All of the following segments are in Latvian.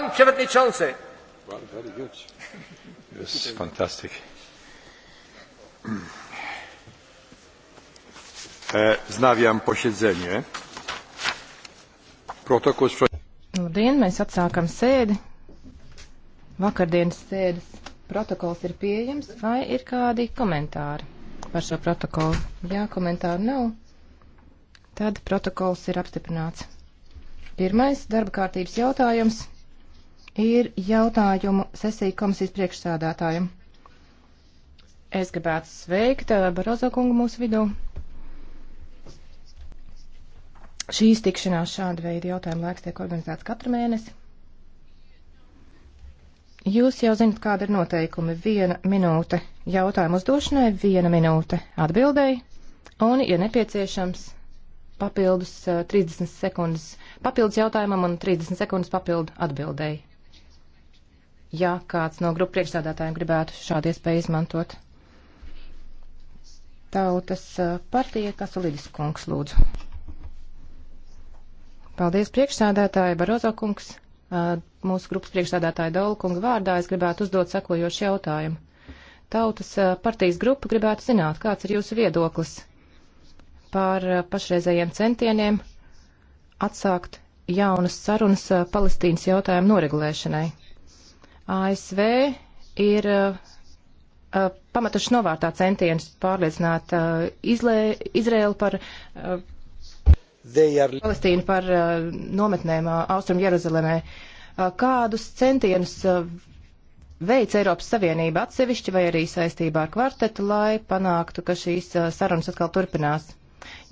Pan przewodniczący. Well, very good. Yes, fantastic. E, Znawiam posiedzenie. Protokols. Labdien, mēs atsākam sēdi. Vakardienas sēdes protokols ir pieejams, vai ir kādi komentāri par šo protokolu? Jā, komentāru nav. Tad protokols ir apstiprināts. Pirmais darba kārtības jautājums ir jautājumu sesija komisijas priekšsādātājiem. Es gribētu sveikt eh, Barozo kungu mūsu vidū. Šīs tikšanās šāda veida jautājumu laiks tiek organizēts katru mēnesi. Jūs jau zinat, kāda ir noteikumi. Viena minūte jautājumu uzdošanai, viena minūte atbildēji un, ja nepieciešams, papildus 30 eh, sekundes papildus jautājumam un 30 sekundes papildu atbildēji ja kāds no grupu priekšstādātājiem gribētu šādu iespēju izmantot. Tautas uh, partija Kasulidis kungs lūdzu. Paldies priekšstādātāji Barozo kungs. Uh, mūsu grupas priekšstādātāja Daula kunga vārdā es gribētu uzdot sekojošu jautājumu. Tautas uh, partijas grupa gribētu zināt, kāds ir jūsu viedoklis par pašreizējiem centieniem atsākt jaunas sarunas Palestīnas jautājumu noregulēšanai. ASV ir uh, uh, pamatuši novārtā centienus pārliecināt uh, Izlē, Izrēlu par uh, are... Palestīnu par uh, nometnēm uh, Austrum Jeruzalemē. Uh, kādus centienus uh, veic Eiropas Savienība atsevišķi vai arī saistībā ar kvartetu, lai panāktu, ka šīs uh, sarunas atkal turpinās?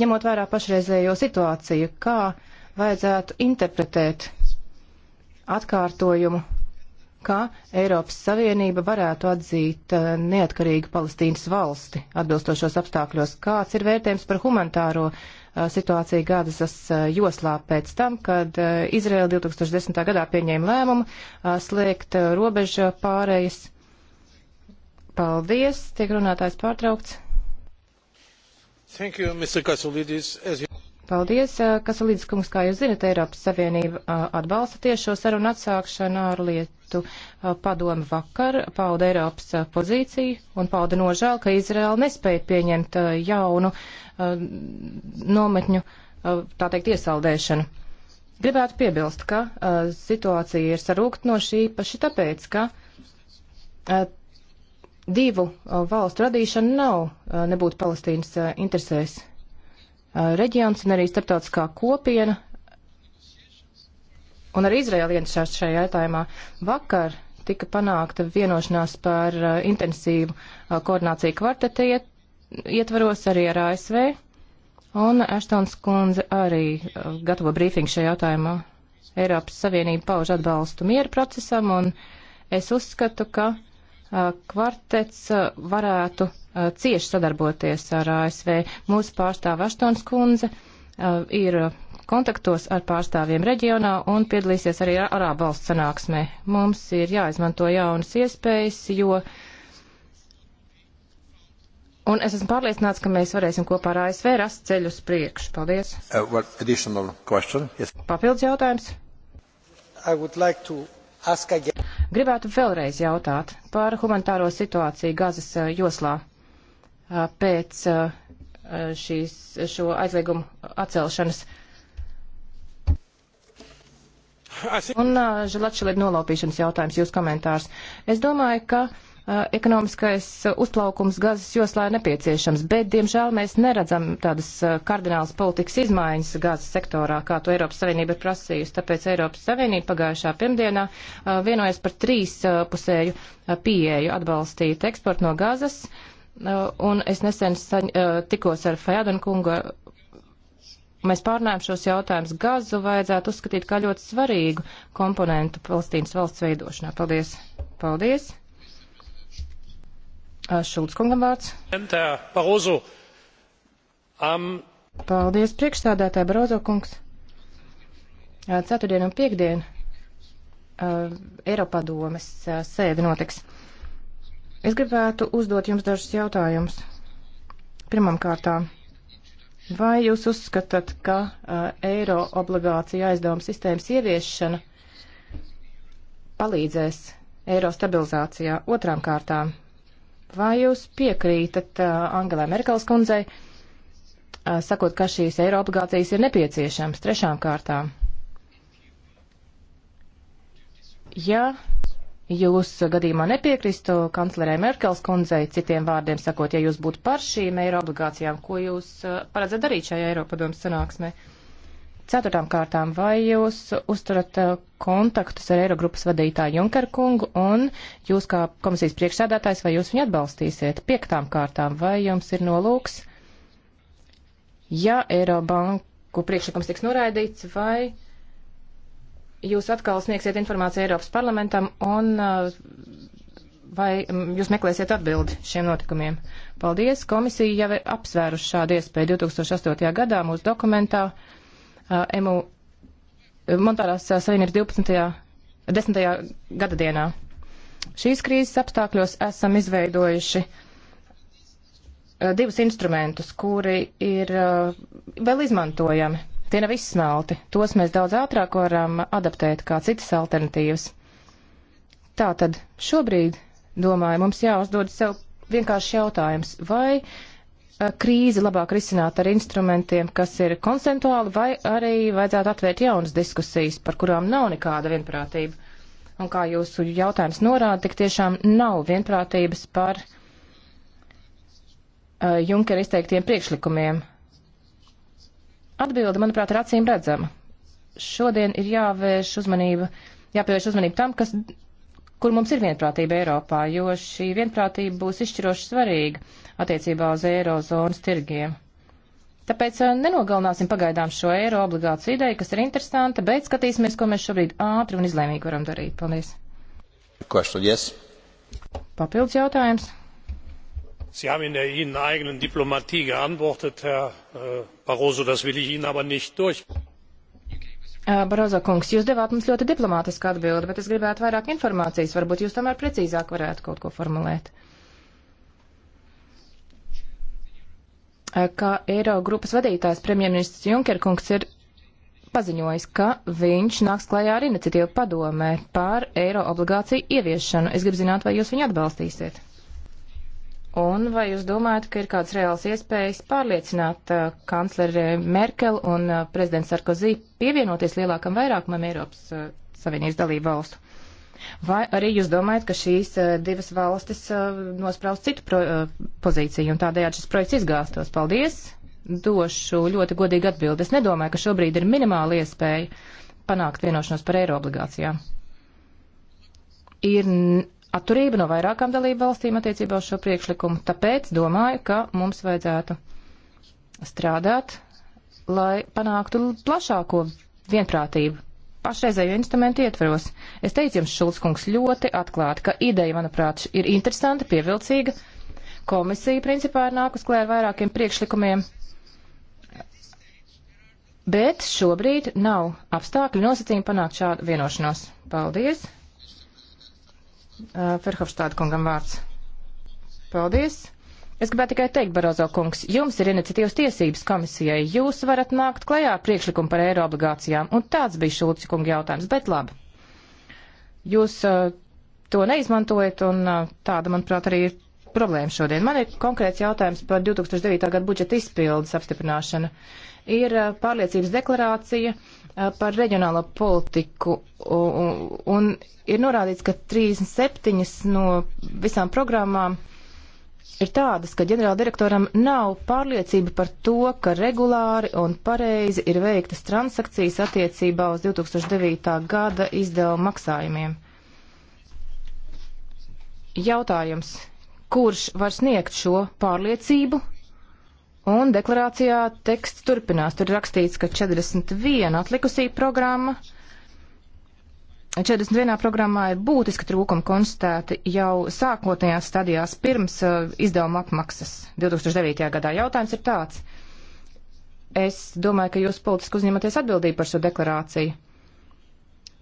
Ņemot vērā pašreizējo situāciju, kā vajadzētu interpretēt atkārtojumu ka Eiropas Savienība varētu atzīt uh, neatkarīgu Palestīnas valsti atbilstošos apstākļos. Kāds ir vērtējums par humanitāro uh, situāciju Gādasas uh, eh, joslā pēc tam, kad Izraela 2010. gadā pieņēma lēmumu slēgt robežu pārējas? Paldies, tiek runātājs pārtraukts. Thank you, Mr. Kasulidis. As you... Paldies, Kasalīdis kungs, kā jūs zinat, Eiropas Savienība atbalsta tiešo sarunu atsākšanu ārlietu padomu vakar, pauda Eiropas pozīciju un pauda nožēlu, ka Izraela nespēja pieņemt jaunu nometņu, tā teikt, iesaldēšanu. Gribētu piebilst, ka situācija ir sarūktnoša īpaši tāpēc, ka divu valstu radīšana nav nebūtu Palestīnas interesēs. Uh, reģions un arī starptautiskā kopiena un arī Izraēla iesaistās šajā jautājumā. Vakar tika panākta vienošanās par uh, intensīvu uh, koordināciju kvarteta iet, ietvaros arī ar ASV, un Ashtons kundze arī uh, gatavo brīfingu šajā jautājumā. Eiropas Savienība pauž atbalstu mieru procesam, un es uzskatu, ka kvartets eh, varētu eh, cieši sadarboties ar ASV. Mūsu pārstāva Aštons kundze eh, ir kontaktos ar pārstāvjiem reģionā un piedalīsies arī Arābu valsts sanāksmē. Mums ir jāizmanto jaunas iespējas, jo. Un es esmu pārliecināts, ka mēs varēsim kopā ar ASV rast ceļu uz priekšu. Paldies. Uh, yes. Papildus jautājums. Like Gribētu vēlreiz jautāt par humanitāro situāciju Gazas joslā pēc šīs, šo aizliegumu atcelšanas. Un Žilatšilid nolaupīšanas jautājums, jūs komentārs. Es domāju, ka Eh, ekonomiskais eh, uzplaukums gazas joslā ir nepieciešams, bet, diemžēl, mēs neredzam tādas eh, kardinālas politikas izmaiņas gazas sektorā, kā to Eiropas Savienība ir prasījusi. Tāpēc Eiropas Savienība pagājušā pirmdienā vienojas par trīs pusēju pieeju atbalstīt eksportu no gazas, un es nesen tikos ar Fajadun kungu. Mēs pārnājām šos jautājumus. Gazu vajadzētu uzskatīt kā ļoti svarīgu komponentu Palestīnas valsts veidošanā. Paldies! Paldies! Šulc kungam vārds. Paldies, priekšstādātāja Barozo kungs. Ceturtdien un piekdien uh, Eiropadomes uh, sēde notiks. Es gribētu uzdot jums dažus jautājumus. Pirmam kārtām, vai jūs uzskatāt, ka uh, eiro obligāciju aizdevuma sistēmas ieviešana palīdzēs eiro stabilizācijā? Otrām kārtām, Vai jūs piekrītat Angelai Merkels kundzei, sakot, ka šīs eiro obligācijas ir nepieciešams trešām kārtām? Ja Jūs gadījumā nepiekristu kanclerē Merkels kundzei, citiem vārdiem sakot, ja jūs būtu par šīm eiro obligācijām, ko jūs paredzat darīt šajā Eiropadomas sanāksmē? Uh, Ceturtām kārtām, vai jūs uzturat uh, kontaktus ar Eirogrupas vadītāju Junkeru kungu un jūs kā komisijas priekšsēdētājs, vai jūs viņu atbalstīsiet? Piektām kārtām, vai jums ir nolūks, ja Eirobanku priekšlikums tiks noraidīts, vai jūs atkal sniegsiet informāciju Eiropas parlamentam un uh, vai mm, jūs meklēsiet atbildi šiem notikumiem? Paldies, komisija jau ir apsvērusi šādu iespēju 2008. gadā mūsu dokumentā Eh, EMU monetārās savienības 12. 10. gada dienā. Šīs krīzes apstākļos esam izveidojuši eh, divus instrumentus, kuri ir eh, vēl izmantojami. Tie nav izsmelti. Tos mēs daudz ātrāk varam adaptēt kā citas alternatīvas. Tātad šobrīd, domāju, mums jāuzdod sev vienkārši jautājums, vai uh, Eh, krīzi labāk risināt ar instrumentiem, kas ir konsentuāli, vai arī vajadzētu atvērt jaunas diskusijas, par kurām nav nekāda vienprātība. Un kā jūsu jautājums norāda, tik tiešām nav vienprātības par uh, eh, Junkera izteiktiem priekšlikumiem. Atbilde, manuprāt, ir acīm redzama. Šodien ir jāvērš uzmanība, jāpievērš uzmanība tam, kas kur mums ir vienprātība Eiropā, jo šī vienprātība būs izšķiroši svarīga attiecībā uz eirozonas tirgiem. Tāpēc eh, nenogalināsim pagaidām šo eiro obligāciju ideju, kas ir interesanta, bet skatīsimies, ko mēs šobrīd ātri un izlēmīgi varam darīt. Paldies! Question, yes. Papildus jautājums. Sie haben in der Ihnen eigenen Diplomatie geantwortet, Herr äh, Barroso, das will ich Ihnen aber nicht durch. Barozo kungs, jūs devāt mums ļoti diplomātisku atbildi, bet es gribētu vairāk informācijas. Varbūt jūs tomēr precīzāk varētu kaut ko formulēt. Kā Eiro grupas vadītājs premjerministrs Junkerkungs ir paziņojis, ka viņš nāks klajā ar iniciatīvu padomē par eiro obligāciju ieviešanu. Es gribu zināt, vai jūs viņu atbalstīsiet. Un vai jūs domājat, ka ir kāds reāls iespējas pārliecināt uh, kancleri Merkel un uh, prezidents Sarkozy pievienoties lielākam vairākumam Eiropas uh, Savienības dalību valstu? Vai arī jūs domājat, ka šīs uh, divas valstis uh, nospraus citu pro, uh, pozīciju un tādējādi šis projekts izgāstos? Paldies! Došu ļoti godīgi atbildi. Es nedomāju, ka šobrīd ir minimāla iespēja panākt vienošanos par eiro obligācijām. Ir atturība no vairākām dalību valstīm attiecībā uz šo priekšlikumu. Tāpēc domāju, ka mums vajadzētu strādāt, lai panāktu plašāko vienprātību pašreizējo instrumentu ietveros. Es teicu jums, Šulskungs, ļoti atklāti, ka ideja, manuprāt, ir interesanta, pievilcīga. Komisija principā ir nākus klē ar vairākiem priekšlikumiem, bet šobrīd nav apstākļu nosacījumi panākt šādu vienošanos. Paldies! Uh, Ferhofstāda kungam vārds. Paldies! Es gribētu tikai teikt, Barozo kungs, jums ir iniciatīvas tiesības komisijai. Jūs varat nākt klajā ar priekšlikumu par eiro obligācijām, un tāds bija Šulci kunga jautājums, bet labi. Jūs uh, to neizmantojat, un uh, tāda, manuprāt, arī ir problēma šodien. Man ir konkrēts jautājums par 2009. gada budžeta izpildes apstiprināšanu. Ir uh, pārliecības deklarācija, uh, par reģionālo politiku, un ir norādīts, ka 37 no visām programmām ir tādas, ka ģenerāldirektoram nav pārliecība par to, ka regulāri un pareizi ir veiktas transakcijas attiecībā uz 2009. gada izdevuma maksājumiem. Jautājums, kurš var sniegt šo pārliecību Un deklarācijā teksts turpinās. Tur ir rakstīts, ka 41 atlikusī programma. 41. programmā ir būtiski trūkumi konstatēti jau sākotnējās stadijās pirms uh, izdevuma apmaksas 2009. gadā. Jautājums ir tāds. Es domāju, ka jūs politiski uzņematies atbildību par šo deklarāciju.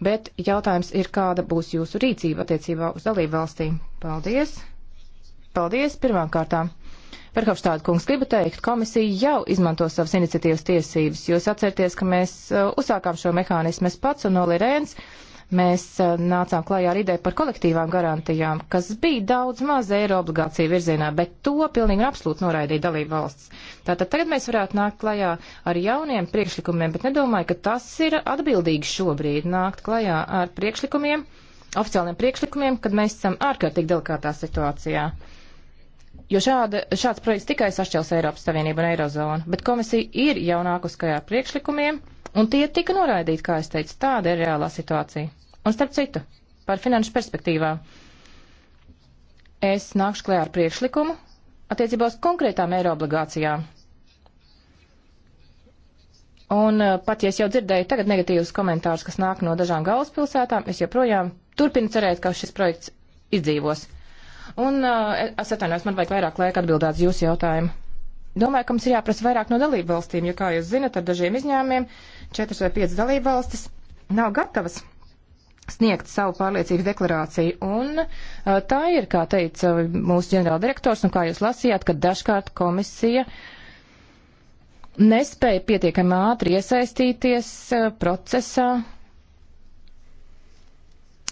Bet jautājums ir, kāda būs jūsu rīcība attiecībā uz dalību valstīm. Paldies! Paldies pirmām kārtām! Verhofstāda kungs, gribu teikt, komisija jau izmanto savas iniciatīvas tiesības. Jūs atcerieties, ka mēs uh, uzsākām šo mehānismu es pats un Oli Rēns. Mēs uh, nācām klajā ar ideju par kolektīvām garantijām, kas bija daudz maz eiro obligāciju virzienā, bet to pilnīgi absolūti noraidīja dalība valsts. Tātad tagad mēs varētu nākt klajā ar jauniem priekšlikumiem, bet nedomāju, ka tas ir atbildīgi šobrīd nākt klajā ar priekšlikumiem, oficiāliem priekšlikumiem, kad mēs esam ārkārtīgi delikātā situācijā. Uh, Jo šāda, šāds projekts tikai sašķels Eiropas Savienību un Eirozonu, bet komisija ir jau nākus kajā priekšlikumiem, un tie tika noraidīti, kā es teicu, tāda ir reālā situācija. Un starp citu, par finanšu perspektīvām. Es nākšu klajā ar priekšlikumu attiecībā uz konkrētām eiro obligācijām. Un eh, pat ja es jau dzirdēju tagad negatīvus komentārus, kas nāk no dažām galvaspilsētām, es joprojām turpinu cerēt, ka šis projekts izdzīvos. Un es atvainojos, man vajag vairāk laika atbildēt uz jūsu jautājumu. Domāju, ka mums ir jāprasa vairāk no dalību valstīm, jo, kā jūs zinat, ar dažiem izņēmumiem četras vai piecas dalību valstis nav gatavas sniegt savu pārliecības deklarāciju. Un uh, tā ir, kā teica mūsu ģenerāldirektors, un kā jūs lasījāt, ka dažkārt komisija nespēja pietiekami ātri iesaistīties uh, procesā,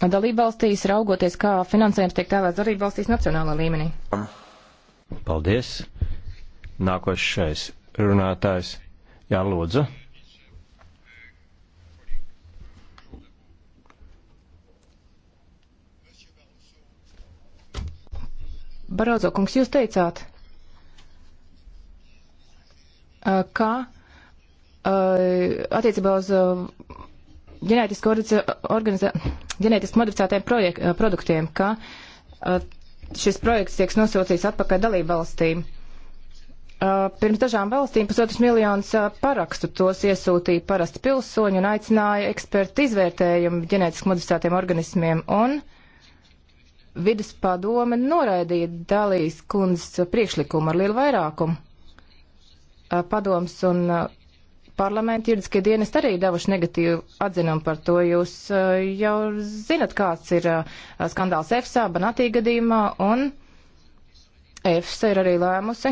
dalībvalstīs, raugoties, kā finansējums tiek tēlēts dalībvalstīs nacionālā līmenī. Paldies. Nākošais runātājs Jālūdzu. Barozo kungs, jūs teicāt, ka attiecībā uz ģenētiski modificētiem projek, eh, produktiem, ka eh, šis projekts tiek nosūcīts atpakaļ dalību valstīm. Eh, pirms dažām valstīm pusotras miljonus parakstu tos iesūtīja parasti pilsoņi un aicināja ekspertu izvērtējumu ģenētiski modificētiem organismiem, un vidas padome noraidīja dalīs kundzes priekšlikumu ar lielu vairākumu. Padoms un parlamenta juridiskie dienesti arī devuši negatīvu atzinumu par to. Jūs eh, jau zinat, kāds ir eh, skandāls EFSA, Banatī gadījumā, un EFSA ir arī lēmusi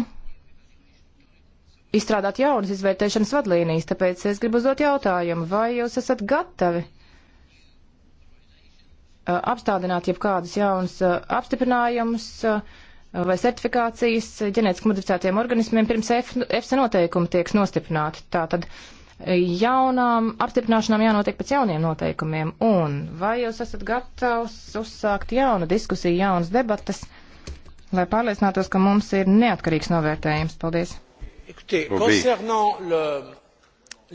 izstrādāt jaunas izvērtēšanas vadlīnijas, tāpēc es gribu uzdot jautājumu, vai jūs esat gatavi eh, apstādināt jebkādus jaunus apstiprinājumus, vai certifikācijas ģenētiski modificētiem organismiem pirms EFSA noteikumi tiek nostiprināti. Tātad e, jaunām apstiprināšanām jānotiek pēc jauniem noteikumiem. Un vai jūs esat gatavs uzsākt jaunu diskusiju, jaunas debatas, lai pārliecinātos, ka mums ir neatkarīgs novērtējums? Paldies!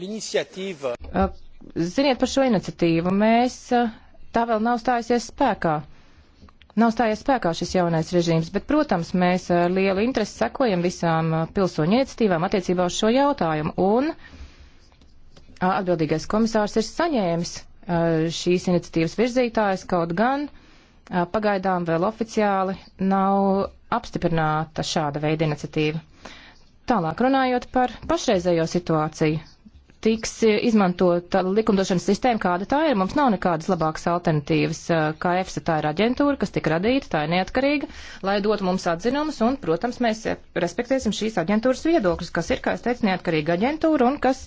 E, ziniet par šo iniciatīvu, mēs e, tā vēl nav stājusies spēkā. Nav stājies spēkā šis jaunais režīms, bet, protams, mēs ar eh, lielu interesi sekojam visām eh, pilsoņu iniciatīvām attiecībā uz šo jautājumu, un atbildīgais komisārs ir saņēmis šīs iniciatīvas virzītājs, kaut gan pagaidām vēl oficiāli nav apstiprināta šāda veida iniciatīva. Tālāk runājot par pašreizējo situāciju, tiks e, izmantota likumdošanas sistēma, kāda tā ir. Mums nav nekādas labākas alternatīvas. E, kā EFSA tā ir aģentūra, kas tika radīta, tā ir neatkarīga, lai dotu mums atzinumus, un, protams, mēs e, respektēsim šīs aģentūras viedokļus, kas ir, kā es teicu, neatkarīga aģentūra un kas,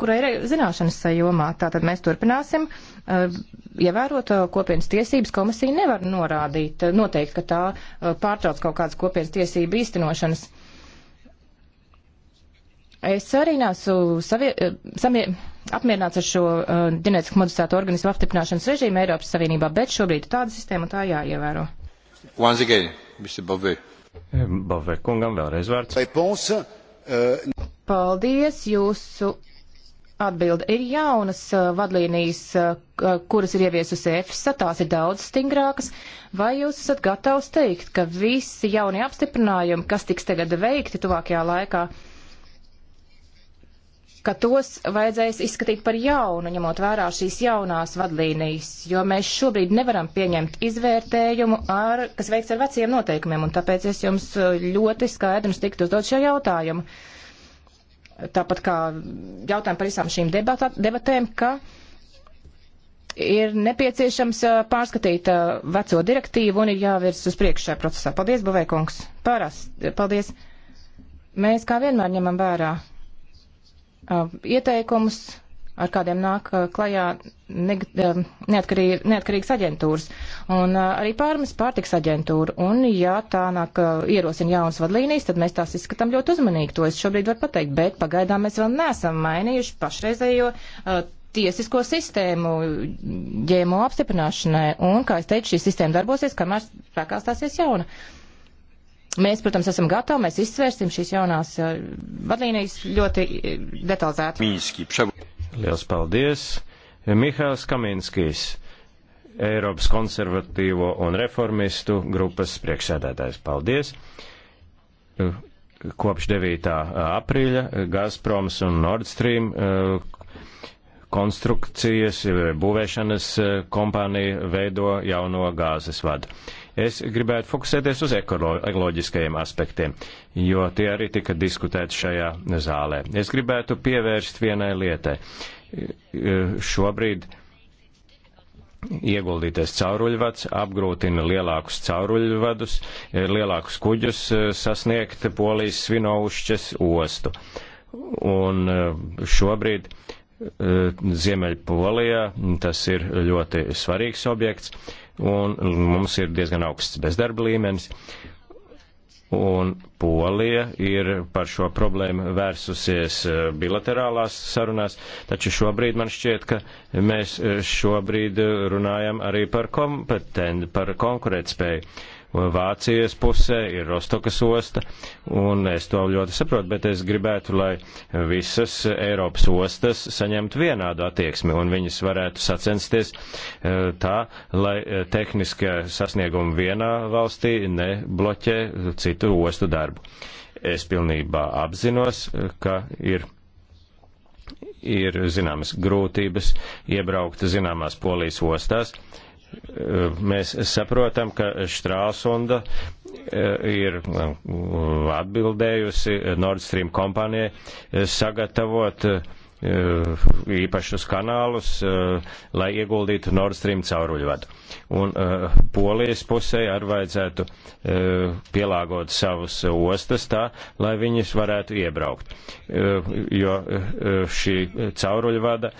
kurai ir zināšanas sajomā. Tātad mēs turpināsim ievērot ja kopienas tiesības. Komisija nevar norādīt, noteikt, ka tā pārtrauc kaut kādas kopienas tiesību īstenošanas. Es arī nesu savie, eh, samie, apmierināts ar šo uh, ģenētiski modificēto organismu apstiprināšanas režīmu Eiropas Savienībā, bet šobrīd ir tāda sistēma un tā jāievēro. Once again, Mr. Bavē. Bavē kungam vēlreiz vārds. Réponse, uh... Paldies, jūsu Atbilde ir jaunas uh, vadlīnijas, uh, kuras ir ieviesusi EFSA, tās ir daudz stingrākas. Vai jūs esat gatavs teikt, ka visi jaunie apstiprinājumi, kas tiks tagad veikti tuvākajā laikā, uh, ka tos vajadzēs izskatīt par jaunu, ņemot vērā šīs jaunās vadlīnijas, jo mēs šobrīd nevaram pieņemt izvērtējumu, ar, kas veikts ar veciem noteikumiem, un tāpēc es jums uh, ļoti skaidri un stiktu uzdot šo jautājumu. Tāpat kā jautājumu par visām šīm debatā, debatēm, ka ir nepieciešams uh, pārskatīt uh, veco direktīvu un ir jāvirs uz priekšu šajā procesā. Paldies, Bavēkungs. Pārās, paldies. Mēs kā vienmēr ņemam vērā Uh, ieteikumus, ar kādiem nāk uh, klajā ne, um, neatkarīg, neatkarīgas aģentūras un uh, arī pārmes pārtiks aģentūra. Un, ja tā nāk ierosina jaunas vadlīnijas, tad mēs tās izskatām ļoti uzmanīgi. To es šobrīd varu pateikt, bet pagaidām mēs vēl neesam mainījuši pašreizējo uh, tiesisko sistēmu ģēmo apstiprināšanai. Un, kā es teicu, šī sistēma darbosies, kamēr spēkā stāsies jauna. Uh, Mēs, protams, esam gatavi, mēs izsvērsim šīs jaunās eh, vadlīnijas ļoti eh, detalizēti. Liels paldies! Mihāls Kaminskis, Eiropas konservatīvo un reformistu grupas priekšsēdētājs. Paldies! Eh, kopš 9. aprīļa Gazproms un Nord Stream konstrukcijas, būvēšanas kompānija veido jauno gāzes vadu. Es gribētu fokusēties uz ekoloģiskajiem aspektiem, jo tie arī tika diskutēti šajā zālē. Es gribētu pievērst vienai lietai. Šobrīd ieguldītais cauruļvads apgrūtina lielākus cauruļvadus, lielākus kuģus sasniegt Polijas svinoušķes ostu. Un šobrīd Ziemeļpolijā tas ir ļoti svarīgs objekts un mums ir diezgan augsts bezdarba līmenis. Un Polija ir par šo problēmu vērsusies eh, bilaterālās sarunās, taču šobrīd man šķiet, ka mēs eh, šobrīd eh, runājam arī par, kompeten, par konkurētspēju Vācijas pusē ir Rostokas osta, un es to ļoti saprotu, bet es gribētu, lai visas Eiropas ostas saņemtu vienādu attieksmi, un viņas varētu sacensties eh, tā, lai eh, tehniskie sasniegumi vienā valstī nebloķē citu ostu darbu. Es pilnībā apzinos, eh, ka ir ir zināmas grūtības iebraukt zināmās polijas ostās, mēs saprotam, ka Štrāsunda e, ir e, atbildējusi Nord Stream kompānijai sagatavot e, Eh, īpašus kanālus, eh, lai ieguldītu Nord Stream cauruļvadu. Un eh, polijas pusē arī vajadzētu pielāgot savus ostas tā, lai viņas varētu iebraukt. Jo šī cauruļvada,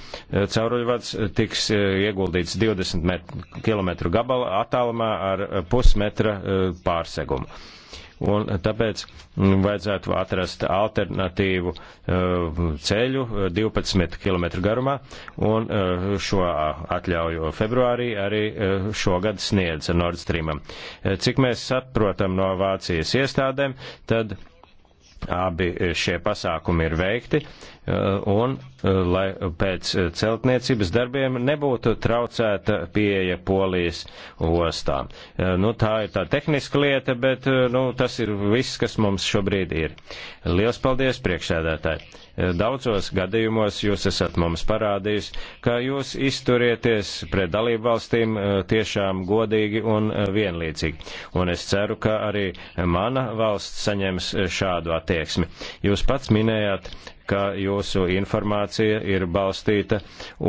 cauruļvads tiks ieguldīts 20 km gabala attālumā ar pusmetra pārsegumu un tāpēc vajadzētu atrast alternatīvu uh, ceļu 12 uh, km garumā, un uh, šo atļauju februārī arī šogad sniedz Nord Streamam. Cik mēs saprotam no Vācijas iestādēm, tad abi šie pasākumi ir veikti, Eh, un eh, lai pēc eh, celtniecības darbiem nebūtu traucēta pieeja polijas ostām. Nu, tā ir tā tehniska lieta, bet nu, tas ir viss, kas mums šobrīd ir. Liels paldies, priekšsēdētāji! Daudzos gadījumos jūs esat mums parādījis, ka jūs izturieties pret dalību valstīm tiešām godīgi un vienlīdzīgi. Un es ceru, ka arī mana valsts saņems šādu attieksmi. Jūs pats minējāt ka jūsu informācija ir balstīta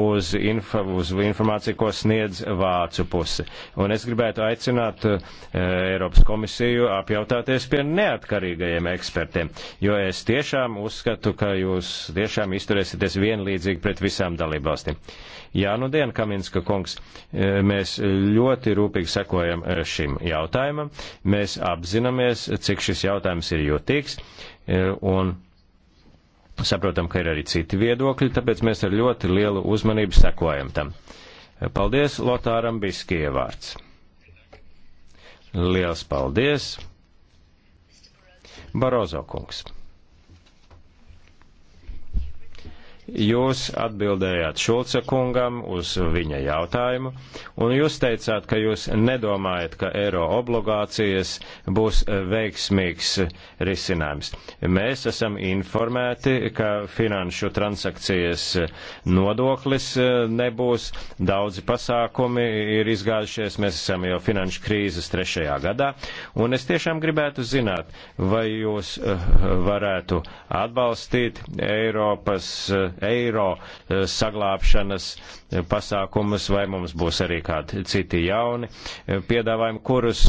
uz, info, uz informāciju, ko sniedz vācu pusi. Un es gribētu aicināt uh, Eiropas komisiju apjautāties pie neatkarīgajiem ekspertiem, jo es tiešām uzskatu, ka jūs tiešām izturēsieties vienlīdzīgi pret visām dalībvalstīm. Jā, nu dien, Kaminska kungs, eh, mēs ļoti rūpīgi sekojam eh, šim jautājumam. Mēs apzināmies, cik šis jautājums ir jūtīgs. Un Saprotam, ka ir arī citi viedokļi, tāpēc mēs ar ļoti lielu uzmanību sekojam tam. Paldies Lotāram Biskie vārds. Liels paldies! Barozo kungs. Jūs atbildējāt Šulca kungam uz viņa jautājumu, un jūs teicāt, ka jūs nedomājat, ka eiro obligācijas būs veiksmīgs risinājums. Mēs esam informēti, ka finanšu transakcijas nodoklis e, nebūs, daudzi pasākumi ir izgājušies, mēs esam jau finanšu krīzes trešajā gadā, un es tiešām gribētu zināt, vai jūs e, varētu atbalstīt Eiropas e, eiro eh, saglābšanas eh, pasākumus, vai mums būs arī kādi citi jauni eh, piedāvājumi, kurus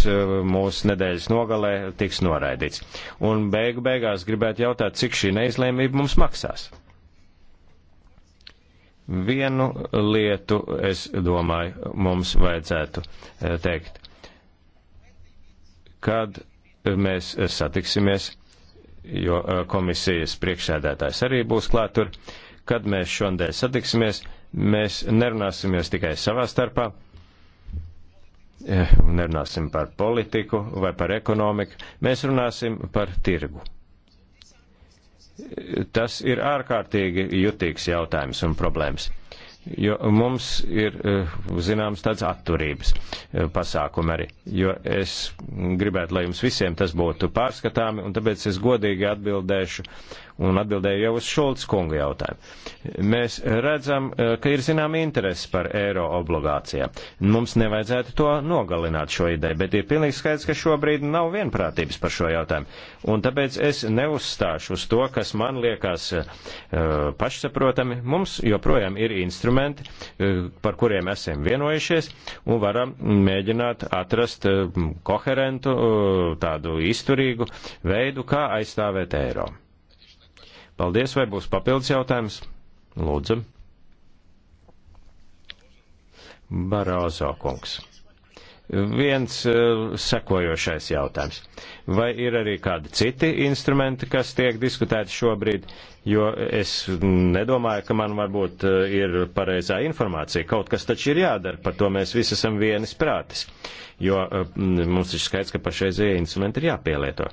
mūsu nedēļas nogalē tiks noraidīts. Un beigu beigās gribētu jautāt, cik šī neizlēmība mums maksās. Vienu lietu, es domāju, mums vajadzētu teikt. Kad mēs satiksimies, jo komisijas priekšsēdētājs arī būs klātur, tur, kad mēs šodien satiksimies, mēs nerunāsimies tikai savā starpā, eh, nerunāsim par politiku vai par ekonomiku, mēs runāsim par tirgu. Tas ir ārkārtīgi jutīgs jautājums un problēmas. Jo mums ir, eh, zināms, tāds atturības eh, pasākumi arī. Jo es gribētu, lai jums visiem tas būtu pārskatāmi, un tāpēc es godīgi atbildēšu un atbildēju jau uz Šolts kungu jautājumu. Mēs redzam, e, ka ir zinām interesi par eiro obligācijām. Mums nevajadzētu to nogalināt šo ideju, bet ir pilnīgi skaidrs, ka šobrīd nav vienprātības par šo jautājumu. Un tāpēc es neuzstāšu uz to, kas man liekas e, pašsaprotami. Mums joprojām ir instrumenti, e, par kuriem esam vienojušies un varam mēģināt atrast koherentu, tādu izturīgu veidu, kā aizstāvēt eiro. Paldies, vai būs papildus jautājums? Lūdzu. Barāzo kungs. Viens uh, sekojošais jautājums. Vai ir arī kādi citi instrumenti, kas tiek diskutēti šobrīd? Jo es nedomāju, ka man varbūt uh, ir pareizā informācija. Kaut kas taču ir jādara, par to mēs visi esam vienis prātis. Jo uh, mums ir skaidrs, ka pašreizie instrumenti ir jāpielieto.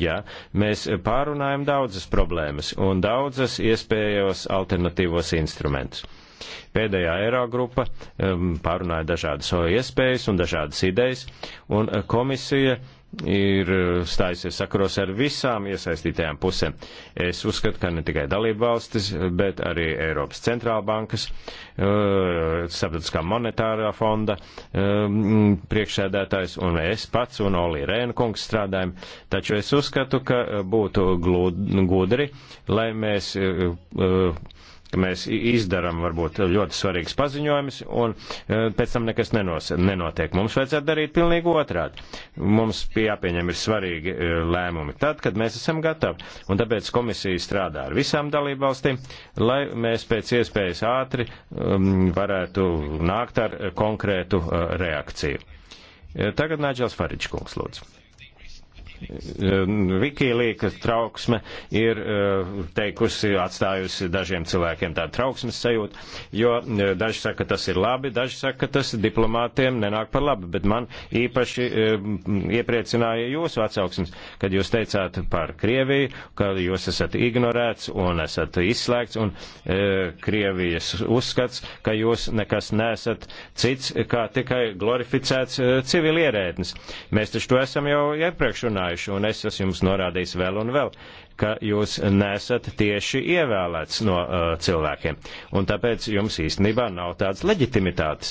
Jā, mēs pārunājam daudzas problēmas un daudzas iespējos alternatīvos instrumentus. Pēdējā Eirogrupa um, pārunāja dažādas iespējas un dažādas idejas, un uh, komisija uh, ir eh, stājusies sakaros ar visām iesaistītajām pusēm. Es uzskatu, ka ne tikai dalību valstis, bet arī Eiropas centrāla bankas, eh, starptautiskā monetārā fonda eh, priekšsēdētājs un es pats un Olī Rēnkungs strādājam. Taču es uzskatu, ka būtu gludri, lai mēs ka mēs izdaram varbūt ļoti svarīgs paziņojums un e, pēc tam nekas nenos, nenotiek. Mums vajadzētu darīt pilnīgi otrādi. Mums jāpieņem ir svarīgi e, lēmumi tad, kad mēs esam gatavi. Un tāpēc komisija strādā ar visām dalībvalstīm, lai mēs pēc iespējas ātri um, varētu nākt ar konkrētu e, reakciju. Tagad Nāģels Faričkungs lūdzu. Vikīlīka trauksme ir eh, teikusi, atstājusi dažiem cilvēkiem tādu trauksmes sajūtu, jo eh, daži saka, ka tas ir labi, daži saka, ka tas diplomātiem nenāk par labi, bet man īpaši eh, iepriecināja jūsu atsauksmes, kad jūs teicāt par Krieviju, ka jūs esat ignorēts un esat izslēgts, un Krievijas uzskats, ka jūs nekas nesat cits, kā tikai glorificēts civilierētnis. Mēs taču to esam jau iepriekš runājuši runājuši, un es esmu jums norādījis vēl un vēl, ka jūs nesat tieši ievēlēts no uh, cilvēkiem, un tāpēc jums īstenībā nav tādas leģitimitātes.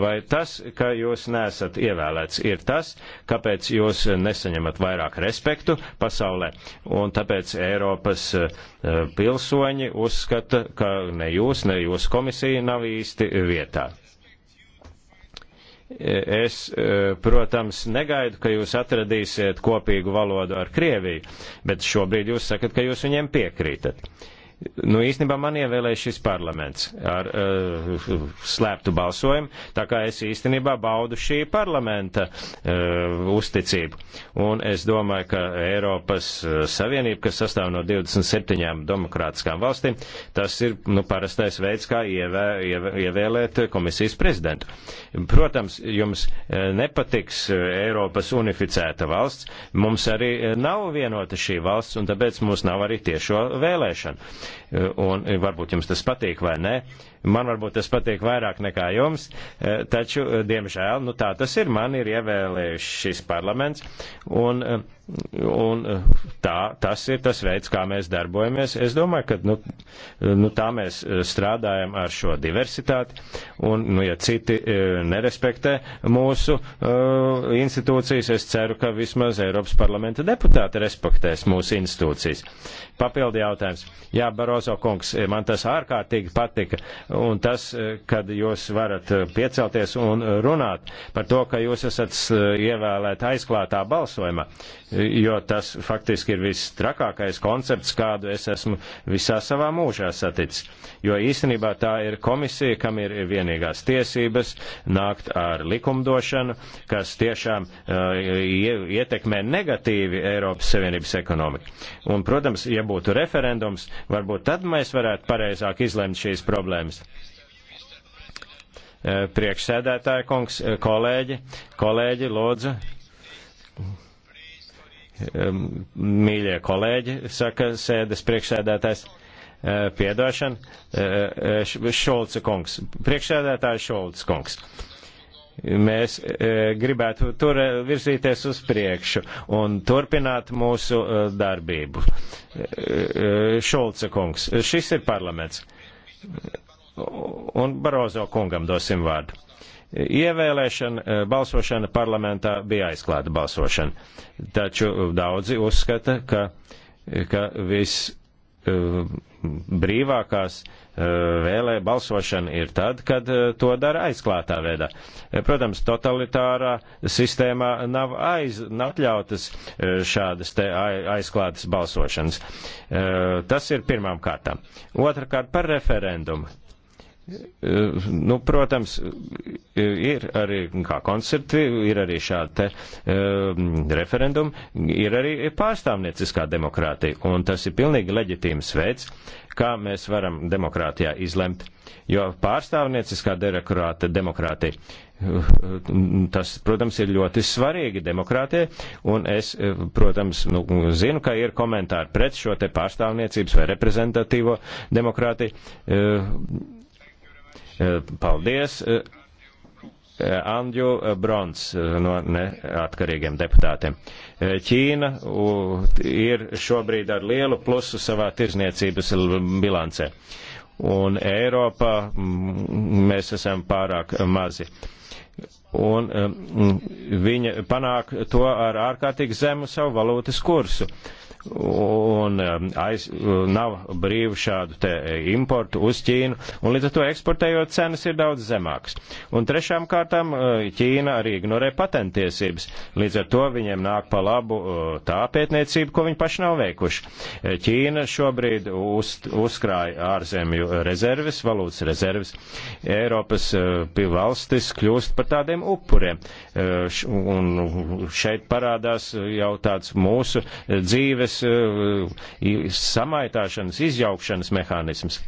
Vai tas, ka jūs nesat ievēlēts, ir tas, kāpēc jūs nesaņemat vairāk respektu pasaulē, un tāpēc Eiropas uh, pilsoņi uzskata, ka ne jūs, ne jūsu komisija nav īsti vietā. Es, e, protams, negaidu, ka jūs atradīsiet kopīgu valodu ar Krieviju, bet šobrīd jūs sakat, ka jūs viņiem piekrītat. Nu, īstenībā man ievēlēja šis parlaments ar uh, slēptu balsojumu, tā kā es īstenībā baudu šī parlamenta uh, uzticību. Un es domāju, ka Eiropas eh, Savienība, kas sastāv no 27 demokrātiskām valstīm, tas ir nu, parastais veids, kā ievē, ievē, ievēlēt komisijas prezidentu. Protams, jums nepatiks Eiropas unificēta valsts, mums arī nav vienota šī valsts, un tāpēc mums nav arī tiešo vēlēšanu un varbūt jums tas patīk vai nē, Man varbūt tas patīk vairāk nekā jums, e, taču, e, diemžēl, nu tā tas ir. Man ir ievēlējuši šis parlaments, un, e, un tā, tas ir tas veids, kā mēs darbojamies. Es domāju, ka, nu, nu tā mēs strādājam ar šo diversitāti, un, nu, ja citi nerespektē mūsu uh, institūcijas, es ceru, ka vismaz Eiropas parlamenta deputāti respektēs mūsu institūcijas. Papildi jautājums. Jā, Barozo kungs, man tas ārkārtīgi patika un tas, eh, kad jūs varat eh, piecelties un eh, runāt par to, ka jūs esat ievēlēti aizklātā balsojumā jo tas faktiski ir viss trakākais koncepts, kādu es esmu visā savā mūžā saticis. Jo īstenībā tā ir komisija, kam ir vienīgās tiesības nākt ar likumdošanu, kas tiešām uh, ietekmē negatīvi Eiropas Savienības ekonomiku. Un, protams, ja būtu referendums, varbūt tad mēs varētu pareizāk izlemt šīs problēmas uh, priekšsēdētāja kungs, uh, kolēģi, kolēģi, lūdzu mīļie kolēģi, saka sēdes priekšsēdētājs. E, piedošana, e, e, Šolca kungs, priekšsēdētājs Šolca kungs mēs e, gribētu tur virzīties uz priekšu un turpināt mūsu e, darbību. E, Šulce kungs, šis ir parlaments. Un Barozo kungam dosim vārdu. Ievēlēšana, eh, balsošana parlamentā bija aizklāta balsošana, taču daudzi uzskata, ka, ka viss eh, brīvākās eh, vēlē balsošana ir tad, kad to dara aizklātā veidā. Protams, totalitārā sistēmā nav, aiz, nav atļautas šādas te aizklātas balsošanas. Tas ir pirmām kārtām. Otrakārt par referendumu. Nu, protams, ir arī kā koncerti, ir arī šādi te um, referendumi, ir arī pārstāvnieciskā demokrātija, un tas ir pilnīgi leģitīms veids, kā mēs varam demokrātijā izlemt, jo pārstāvnieciskā demokrāta, demokrātija, tas, protams, ir ļoti svarīgi demokrātijai, un es, protams, nu, zinu, ka ir komentāri pret šo te pārstāvniecības vai reprezentatīvo demokrātiju. Eh, paldies! Eh, eh, Andju Brons no neatkarīgiem deputātiem. Ķīna ir šobrīd ar lielu plusu savā tirzniecības bilancē. Un Eiropā mēs esam pārāk mazi. Uh, un um, mm, viņa panāk to ar ārkārtīgi zemu savu valūtas kursu. Un um, aiz, nav brīvu šādu te importu uz Ķīnu, un līdz ar to eksportējot cenas ir daudz zemākas. Un trešām kārtām uh, Ķīna arī ignorē patentiesības, līdz ar to viņiem nāk pa labu uh, tā pētniecība, ko viņi paši nav veikuši. Uh, Ķīna šobrīd uz, uzkrāja ārzemju rezerves, valūtas rezerves. Eiropas uh, valstis kļūst par tādiem saviem upuriem. E, un šeit parādās jau tāds mūsu dzīves e, samaitāšanas, izjaukšanas mehānisms.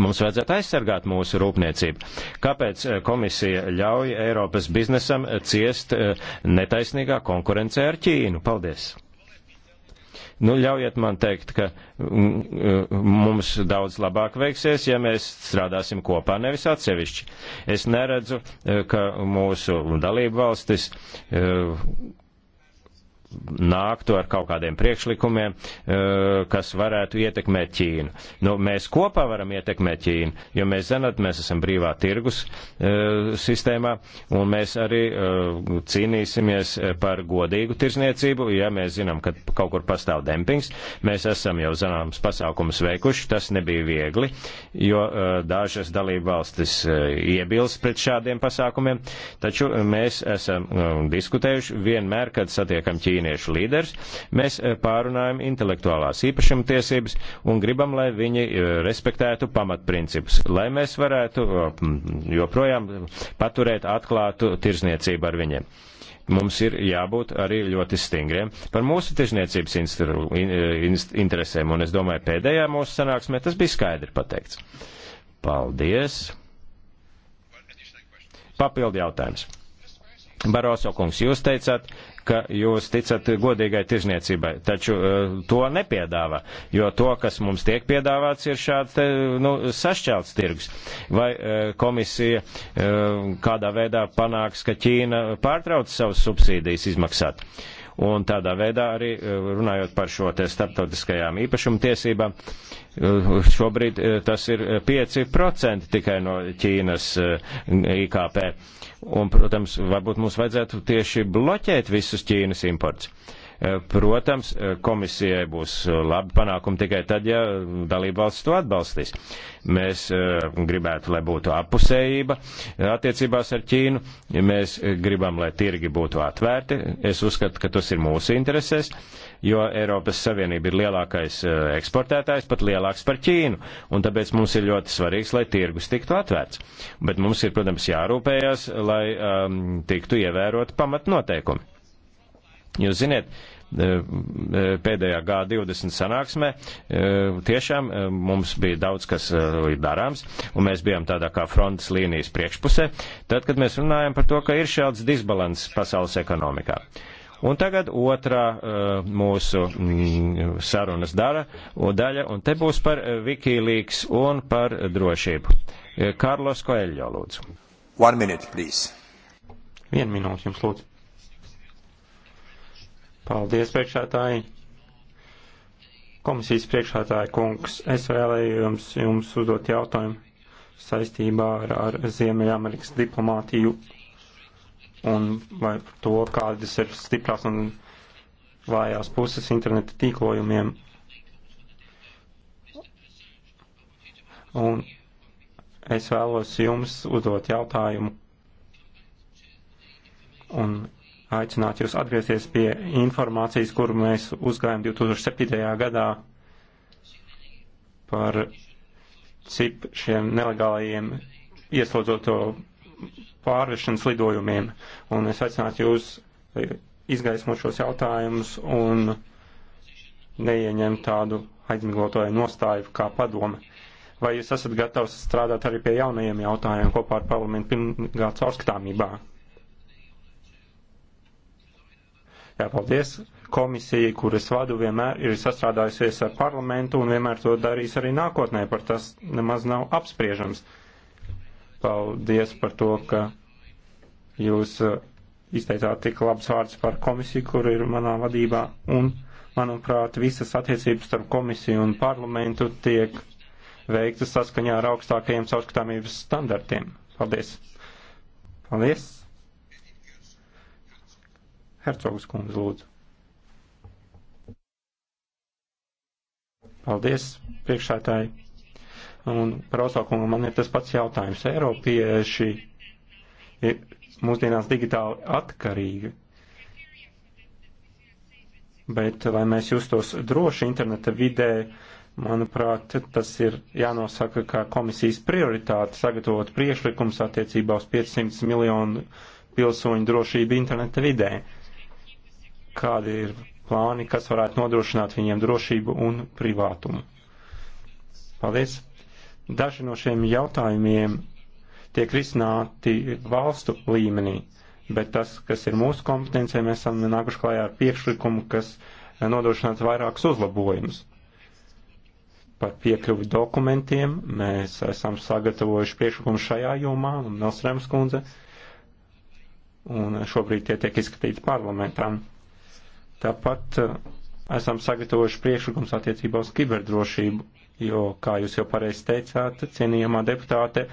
Mums vajadzētu aizsargāt mūsu rūpniecību. Kāpēc e, komisija ļauj Eiropas biznesam ciest netaisnīgā konkurencē ar Ķīnu? Paldies! Nu, ļaujiet man teikt, ka mm, mm, mums daudz labāk veiksies, ja mēs strādāsim kopā, nevis atsevišķi. Es neredzu, eh, ka mūsu dalību valstis eh, nāktu ar kaut kādiem priekšlikumiem, eh, kas varētu ietekmēt Ķīnu. Nu, mēs kopā varam ietekmēt Ķīnu, jo mēs zināt, mēs esam brīvā tirgus eh, sistēmā, un mēs arī eh, cīnīsimies par godīgu tirzniecību. Ja mēs zinām, ka kaut kur pastāv dempings, mēs esam jau zināms pasākumus veikuši, tas nebija viegli, jo dažas dalība valstis iebilst pret šādiem pasākumiem, taču mēs esam diskutējuši vienmēr, kad satiekam Ķīnu palestīniešu līderus, mēs eh, pārunājam intelektuālās īpašuma tiesības un gribam, lai viņi eh, respektētu pamatprincipus, lai mēs varētu eh, joprojām paturēt atklātu tirzniecību ar viņiem mums ir jābūt arī ļoti stingriem par mūsu tirzniecības interesēm, un es domāju, pēdējā mūsu sanāksmē tas bija skaidri pateikts. Paldies! Papildi jautājums. Baroso kungs, jūs teicāt, ka jūs ticat godīgai tirzniecībai, taču e, to nepiedāvā, jo to, kas mums tiek piedāvāts, ir šāds nu, sašķelts tirgus. Vai e, komisija e, kādā veidā panāks, ka Ķīna pārtrauc savus subsīdijas izmaksāt? un tādā veidā arī eh, runājot par šo te starptautiskajām īpašumtiesībām, eh, šobrīd eh, tas ir 5% tikai no Ķīnas IKP. Un, protams, varbūt mums vajadzētu tieši bloķēt visus Ķīnas imports. Eh, protams, eh, komisijai būs eh, labi panākumi tikai tad, ja dalībvalsts to atbalstīs. Mēs gribētu, lai būtu apusējība attiecībās ar Ķīnu, mēs gribam, lai tirgi būtu atvērti. Es uzskatu, ka tas ir mūsu interesēs, jo Eiropas Savienība ir lielākais eksportētājs, pat lielāks par Ķīnu, un tāpēc mums ir ļoti svarīgs, lai tirgus tiktu atvērts. Bet mums ir, protams, jārūpējas, lai um, tiktu ievērot pamatnoteikumi. Jūs ziniet, e, e, pēdējā G20 sanāksmē e, tiešām mums bija daudz, kas ir darāms, un mēs bijām tādā kā frontes līnijas priekšpusē, tad, kad mēs runājam par to, ka ir šāds disbalans pasaules ekonomikā. Un tagad otrā uh, mūsu mm, sarunas dara, un daļa, un te būs par Wikileaks un par drošību. Karlos Koeļo, lūdzu. One minute, please. Vienu minūti jums, lūdzu. Paldies, priekšētāji! Komisijas priekšētāja kungs, es vēlējums jums uzdot jautājumu saistībā ar, ar Ziemeļamerikas diplomātiju un vai par to, kādas ir stiprās un vājās puses interneta tīklojumiem. Un es vēlos jums uzdot jautājumu un aicināt jūs atgriezties pie informācijas, kuru mēs uzgājām 2007. gadā par cip šiem nelegālajiem ieslodzoto pārvešanas lidojumiem. Un es aicinātu jūs eh, izgaismot šos jautājumus un neieņemt tādu aizmiglotāju nostāju kā padome. Vai jūs esat gatavs strādāt arī pie jaunajiem jautājumiem kopā ar parlamentu pilnīgā caurskatāmībā? Jāpaldies komisija, kuras vadu vienmēr ir sastrādājusies ar parlamentu un vienmēr to darīs arī nākotnē, par tas nemaz nav apspriežams. Paldies par to, ka jūs uh, izteicāt tik labs vārds par komisiju, kur ir manā vadībā, un, manuprāt, visas attiecības starp komisiju un parlamentu tiek veiktas saskaņā ar augstākajiem caurskatāmības standartiem. Paldies! Paldies! Hercogs kundze, lūdzu. Paldies, priekšētāji. Un par uzsākumu man ir tas pats jautājums. Eiropieši ir mūsdienās digitāli atkarīgi. Bet, lai mēs justos droši interneta vidē, manuprāt, tas ir jānosaka kā komisijas prioritāte sagatavot priešlikums attiecībā uz 500 miljonu pilsoņu drošību interneta vidē kādi ir plāni, kas varētu nodrošināt viņiem drošību un privātumu. Paldies! Daži no šiem jautājumiem tiek risināti valstu līmenī, bet tas, kas ir mūsu kompetencija, mēs esam nākuši klājā ar priekšlikumu, kas nodrošinātu vairākus uzlabojumus. Par piekļuvi dokumentiem mēs esam sagatavojuši priekšlikumu šajā jomā, Nelsrems kundze, un šobrīd tie tiek izskatīti parlamentām Tāpat eh, esam sagatavojuši priekšlikums attiecībā uz kiberdrošību, jo, kā jūs jau pareizi teicāt, cienījamā deputāte,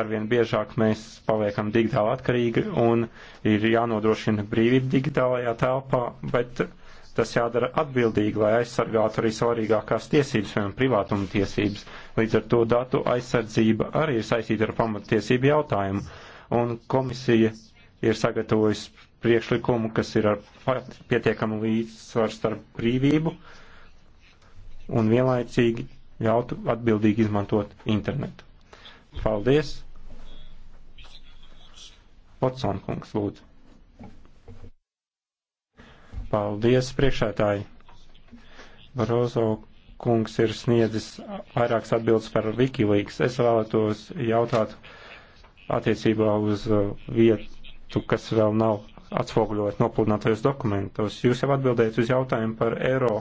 arvien biežāk mēs paliekam digitāli atkarīgi un ir jānodrošina brīvība digitālajā telpā, bet tas jādara atbildīgi, lai aizsargātu arī svarīgākās tiesības, piemēram, privātuma tiesības. Līdz ar to datu aizsardzība arī ir saistīta ar pamatiesību jautājumu, un komisija ir sagatavojusi priekšlikumu, kas ir ar pietiekamu līdzsvaru starp brīvību un vienlaicīgi ļautu atbildīgi izmantot internetu. Paldies! Watson kungs, lūdzu. Paldies, priekšētāji! Barozo kungs ir sniedzis vairākas atbildes par Wikileaks. Es vēlētos jautāt attiecībā uz vietu, kas vēl nav atspoguļot nopludinātajos dokumentos. Jūs jau atbildējat uz jautājumu par eiro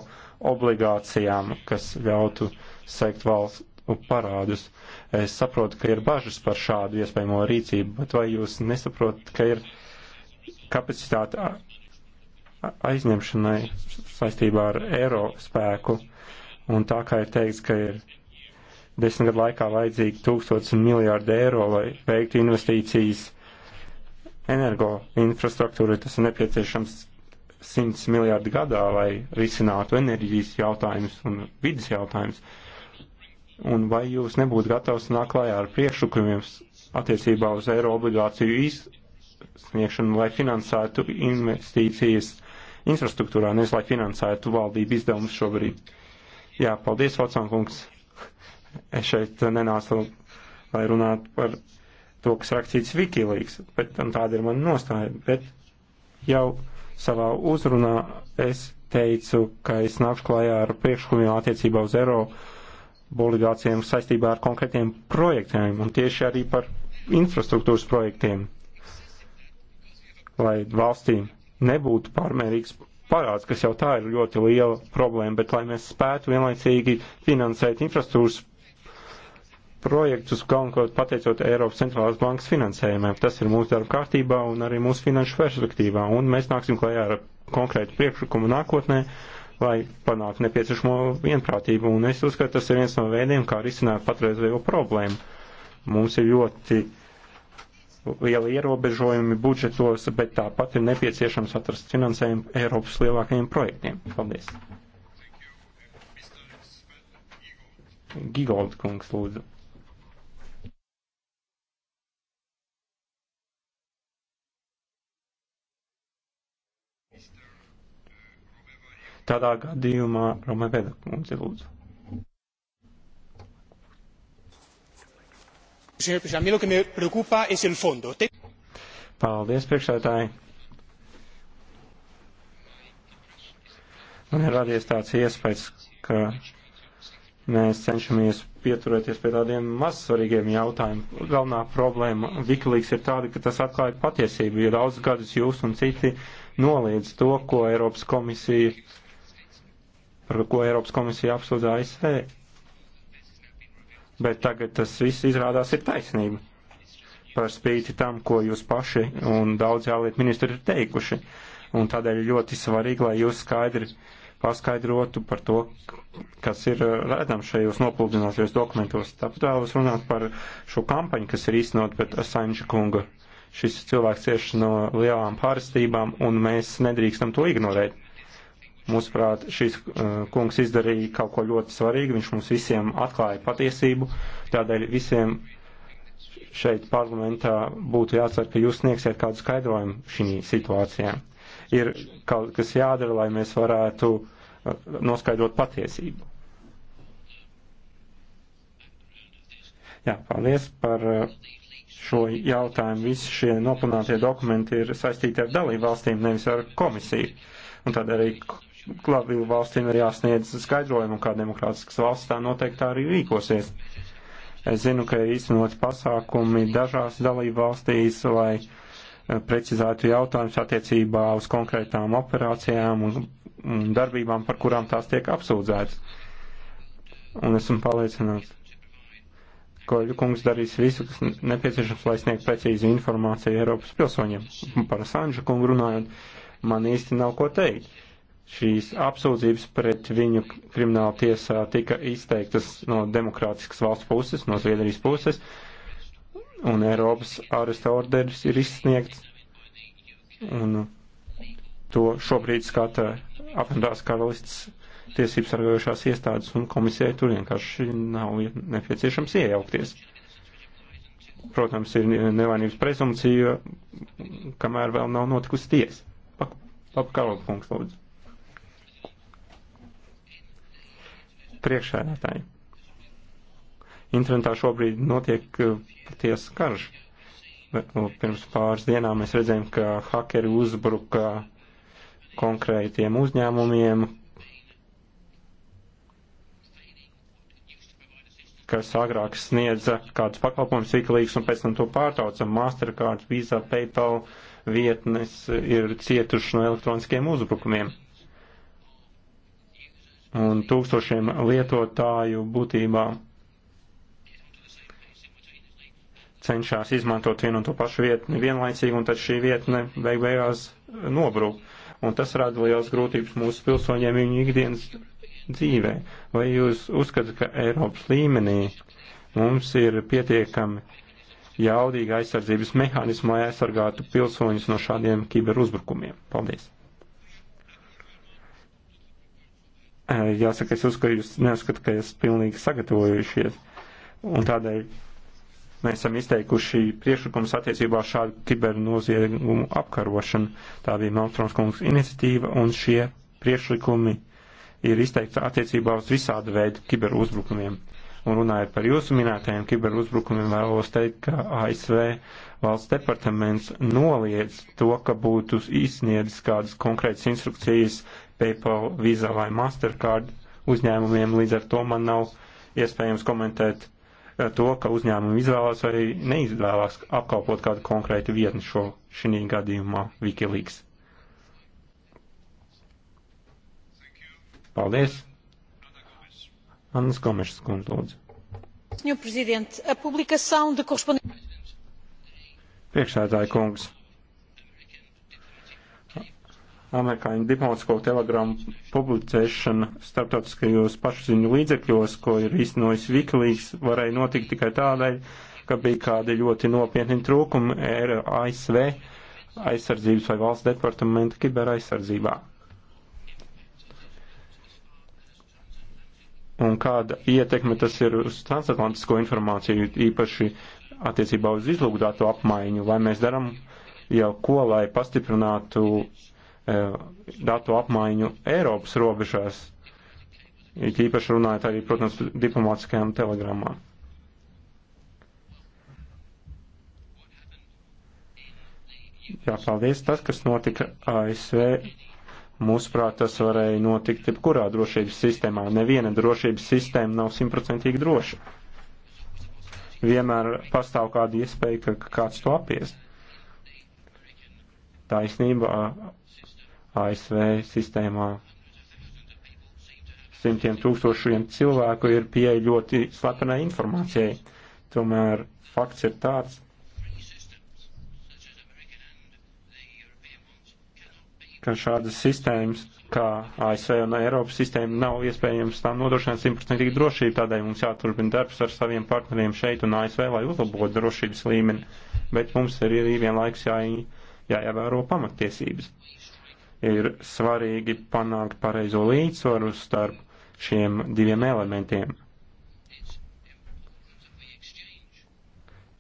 obligācijām, kas ļautu sekt valstu parādus. Es saprotu, ka ir bažas par šādu iespējamo rīcību, bet vai jūs nesaprotat, ka ir kapacitāte aizņemšanai saistībā ar eiro spēku? Un tā kā ir teikts, ka ir desmit gadu laikā vajadzīgi tūkstots miljārdu eiro, lai veiktu investīcijas energoinfrastruktūrai tas ir nepieciešams 100 miljārdi gadā, lai risinātu enerģijas jautājumus un vidas jautājumus. Un vai jūs nebūtu gatavs nākt klājā ar priekšlikumiem attiecībā uz eiro obligāciju izsniegšanu, lai finansētu investīcijas infrastruktūrā, nevis lai finansētu valdību izdevumus šobrīd? Jā, paldies, Vatsonkungs. Es šeit nenācu, lai runātu par to, kas rakstīts Wikileaks, bet tam tāda ir mana nostāja. Bet jau savā uzrunā es teicu, ka es nākšu klājā ar priekšlikumiem attiecībā uz eiro obligācijām saistībā ar konkrētiem projektiem un tieši arī par infrastruktūras projektiem, lai valstīm nebūtu pārmērīgs parāds, kas jau tā ir ļoti liela problēma, bet lai mēs spētu vienlaicīgi finansēt infrastruktūras projektus galvenokārt pateicot Eiropas centrālās bankas finansējumam. Tas ir mūsu darba kārtībā un arī mūsu finanšu perspektīvā, un mēs nāksim klajā ar konkrētu priekšlikumu nākotnē, lai panāktu nepieciešamo vienprātību, un es uzskatu, tas ir viens no veidiem, kā risināt patreizējo problēmu. Mums ir ļoti liela ierobežojumi budžetos, bet tāpat ir nepieciešams atrast finansējumu Eiropas lielākajiem projektiem. Paldies! Gigolda kungs lūdzu. Tādā gadījumā Roma Veda kundze lūdzu. Señor presidente, a mí lo que me preocupa es el fondo. Paldies, priekšsētāji. Man ir radies tāds iespējas, ka mēs cenšamies pieturēties pie tādiem mazsvarīgiem jautājumiem. Galvenā problēma Wikileaks ir tāda, ka tas atklāja patiesību, jo daudz gadus jūs un citi noliedz to, ko Eiropas komisija par ko Eiropas komisija apsūdz ASV. Bet tagad tas viss izrādās ir taisnība. Par spīti tam, ko jūs paši un daudz jāliet ministri ir teikuši. Un tādēļ ļoti svarīgi, lai jūs skaidri paskaidrotu par to, kas ir uh, redzams šajos noplūdinātajos dokumentos. Tāpat vēlos runāt par šo kampaņu, kas ir īstenot pret Asaņģa kunga. Šis cilvēks cieši no lielām pārstībām, un mēs nedrīkstam to ignorēt. Mūsuprāt, šis uh, kungs izdarīja kaut ko ļoti svarīgu, viņš mums visiem atklāja patiesību, tādēļ visiem šeit parlamentā būtu jācer, ka jūs sniegsiet kādu skaidrojumu šī situācijā. Ir kaut kas jādara, lai mēs varētu uh, noskaidrot patiesību. Jā, paldies par uh, šo jautājumu. Visi šie noplānotie dokumenti ir saistīti ar dalību valstīm, nevis ar komisiju. Un tad arī labklājību valstīm ir jāsniedz skaidrojumu, kā demokrātiskas valsts tā noteikti tā arī rīkosies. Es zinu, ka ir īstenoti pasākumi dažās dalību valstīs, lai e, precizētu jautājumus attiecībā uz konkrētām operācijām un darbībām, par kurām tās tiek apsūdzētas. Un esmu pārliecināts, ka Ļukungs darīs visu, kas nepieciešams, lai sniegtu precīzi informāciju Eiropas pilsoņiem. Par Sanžu kungu runājot, man īsti nav ko teikt šīs apsūdzības pret viņu krimināla tiesā tika izteiktas no demokrātiskas valsts puses, no Zviedrijas puses, un Eiropas āresta orders ir izsniegts, un to šobrīd skata apvienotās karalists tiesības sargojušās iestādes, un komisijai tur vienkārši nav nepieciešams iejaukties. Protams, ir nevainības prezumcija, kamēr vēl nav notikusi tiesa. Papakalu kungs, lūdzu. priekšsēdētāji. Internetā šobrīd notiek uh, patiesa karš. Pirms pāris dienām mēs redzējām, ka hakeri uzbruka konkrētiem uzņēmumiem, kas agrāk sniedza kādus pakalpojumus Wikileaks un pēc tam to pārtauca. Mastercard, Visa, PayPal vietnes ir cietuši no elektroniskiem uzbrukumiem un tūkstošiem lietotāju būtībā cenšas izmantot vienu un to pašu vietni vienlaicīgi, un tad šī vietne beig beigās nobrūk. Un tas rada liels grūtības mūsu pilsoņiem viņu ikdienas dzīvē. Vai jūs uzskatāt, ka Eiropas līmenī mums ir pietiekami jaudīga aizsardzības mehānisma, lai aizsargātu pilsoņus no šādiem kiberuzbrukumiem? Paldies! Eh, jāsaka, es uzskatu, jūs neuzskatu, ka esat pilnīgi sagatavojušies. Un tādēļ mēs esam izteikuši priekšlikums attiecībā šādu kibernoziegumu apkarošanu. Tā bija Malmstroms kungs iniciatīva, un šie priekšlikumi ir izteikti attiecībā uz visādu veidu kiberuzbrukumiem. Un runājot par jūsu minētajiem kiberuzbrukumiem, vēlos teikt, ka ASV valsts departaments noliedz to, ka būtu izsniedzis kādas konkrētas instrukcijas PayPal, Visa vai Mastercard uzņēmumiem, līdz ar to man nav iespējams komentēt eh, to, ka uzņēmumi izvēlās vai neizvēlās apkalpot kādu konkrētu vietni šo šī gadījumā Wikileaks. Paldies! Annas Gomešas kundze, lūdzu. Senhor Presidente, a publicação de correspondência. Priekšsēdāja kungs, amerikāņu diplomātisko telegramu publicēšana starptautiskajos pašziņu līdzekļos, ko ir īstenojis Wikileaks, varēja notikt tikai tādēļ, ka bija kādi ļoti nopietni trūkumi ASV aizsardzības vai valsts departamenta kiberaizsardzībā. Un kāda ietekme tas ir uz transatlantisko informāciju, īpaši attiecībā uz izlūgdāto apmaiņu, vai mēs darām jau ko, lai pastiprinātu uh, E, datu apmaiņu Eiropas robežās, it īpaši runājot arī, protams, diplomātiskajām telegramām. Jā, paldies. Tas, kas notika ASV, mūsuprāt, tas varēja notikt jebkurā drošības sistēmā. Neviena drošības sistēma nav simtprocentīgi droša. Vienmēr pastāv kāda iespēja, ka kāds to apies. Taisnība ASV sistēmā. Simtiem tūkstošiem cilvēku ir pieeja ļoti slepenai informācijai. Tomēr fakts ir tāds, ka šādas sistēmas kā ASV un Eiropas sistēma nav iespējams tām nodrošināt simtprocentīgi drošību, tādēļ mums jāturpina darbs ar saviem partneriem šeit un ASV, lai uzlabotu drošības līmeni, bet mums ir arī vienlaikus jā, jāievēro pamatiesības ir svarīgi panākt pareizo līdzsvaru starp šiem diviem elementiem.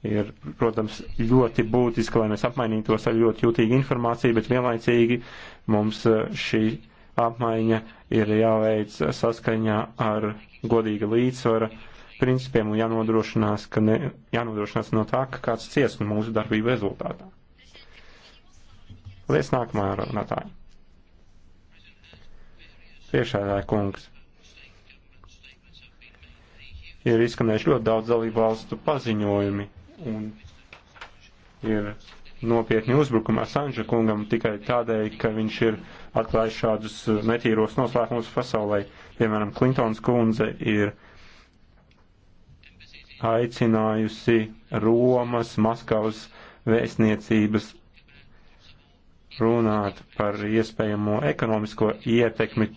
Ir, protams, ļoti būtiski, lai mēs apmainītos ar ļoti jūtīgu informāciju, bet vienlaicīgi mums eh, šī apmaiņa ir jāveic saskaņā ar godīga līdzsvara principiem un jānodrošinās, ka ne, jānodrošinās no tā, ka kāds ciest mūsu darbību rezultātā. Lies nākamā runātāja. Priekšādā kungs. Ir izskanējuši ļoti daudz dalību valstu paziņojumi un ir nopietni uzbrukumi Asanža kungam tikai tādēļ, ka viņš ir atklājis šādus netīros noslēpumus pasaulē. Piemēram, Klintons kundze ir aicinājusi Romas, Maskavas vēstniecības runāt par iespējamo ekonomisko ietekmi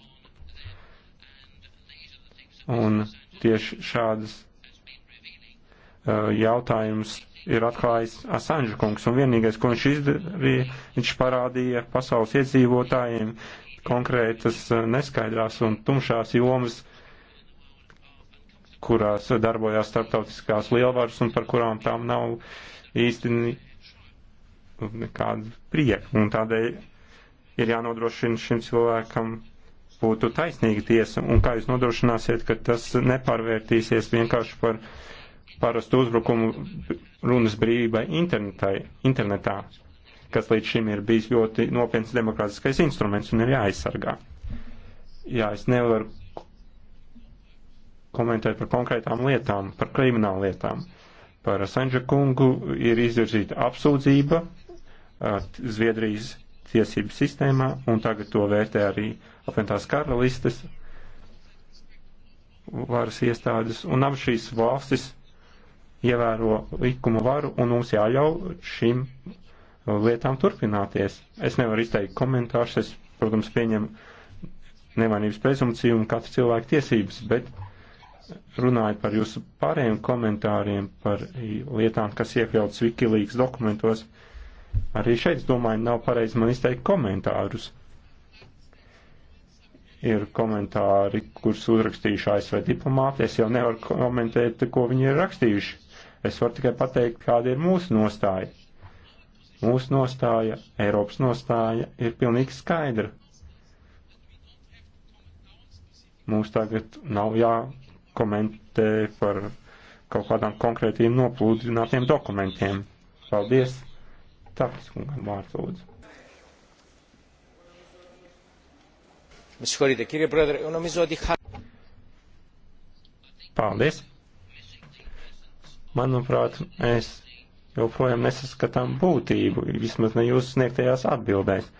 Un tieši šādas uh, jautājumus ir atklājis Asanža kungs, un vienīgais, ko viņš izdarīja, viņš parādīja pasaules iedzīvotājiem konkrētas uh, neskaidrās un tumšās jomas, kurās darbojās starptautiskās lielvaras un par kurām tām nav īsti nekāda prieka. Un tādēļ ir jānodrošina šim cilvēkam būtu taisnīga tiesa, un kā jūs nodrošināsiet, ka tas nepārvērtīsies vienkārši par parastu uzbrukumu runas brīvībai internetā, kas līdz šim ir bijis ļoti nopietns demokrātiskais instruments un ir jāaizsargā. Jā, es nevaru komentēt par konkrētām lietām, par kriminālu lietām. Par Sanģa kungu ir izvirzīta apsūdzība Zviedrijas tiesību sistēmā, un tagad to vērtē arī apvienotās karalistes varas iestādes, un abas šīs valstis ievēro likuma varu, un mums jāļauj šīm lietām turpināties. Es nevaru izteikt komentārus, es, protams, pieņemu nevainības prezumciju un katra cilvēka tiesības, bet runājot par jūsu pārējiem komentāriem, par lietām, kas iekļautas Wikileaks dokumentos, uh, Arī šeit, es domāju, nav pareizi man izteikt komentārus. Ir komentāri, kurus uzrakstījuši ASV diplomāti. Es jau nevaru komentēt, ko viņi ir rakstījuši. Es varu tikai pateikt, kāda ir mūsu nostāja. Mūsu nostāja, Eiropas nostāja ir pilnīgi skaidra. Mums tagad nav jākomentē par kaut kādām konkrētiem noplūdinātiem dokumentiem. Paldies! Takas kungam vārds lūdzu. Paldies. Manuprāt, mēs joprojām nesaskatām būtību, vismaz ne jūsu sniegtajās atbildēs.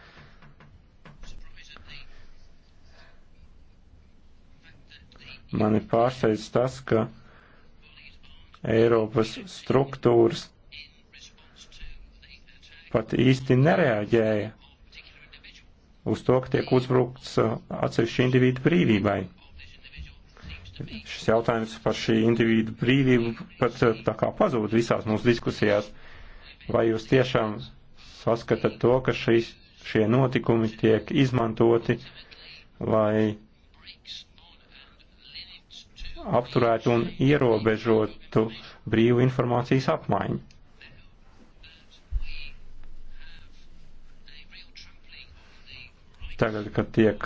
Mani pārsteidz tas, ka Eiropas struktūras pat īsti nereaģēja uz to, ka tiek uzbrukts uh, atsevišķi individu brīvībai. Šis jautājums par šī individu brīvību pat uh, tā kā pazūd visās mūsu diskusijās. Vai jūs tiešām saskatat to, ka šis, šie notikumi tiek izmantoti, lai apturētu un ierobežotu brīvu informācijas apmaiņu? tagad, kad tiek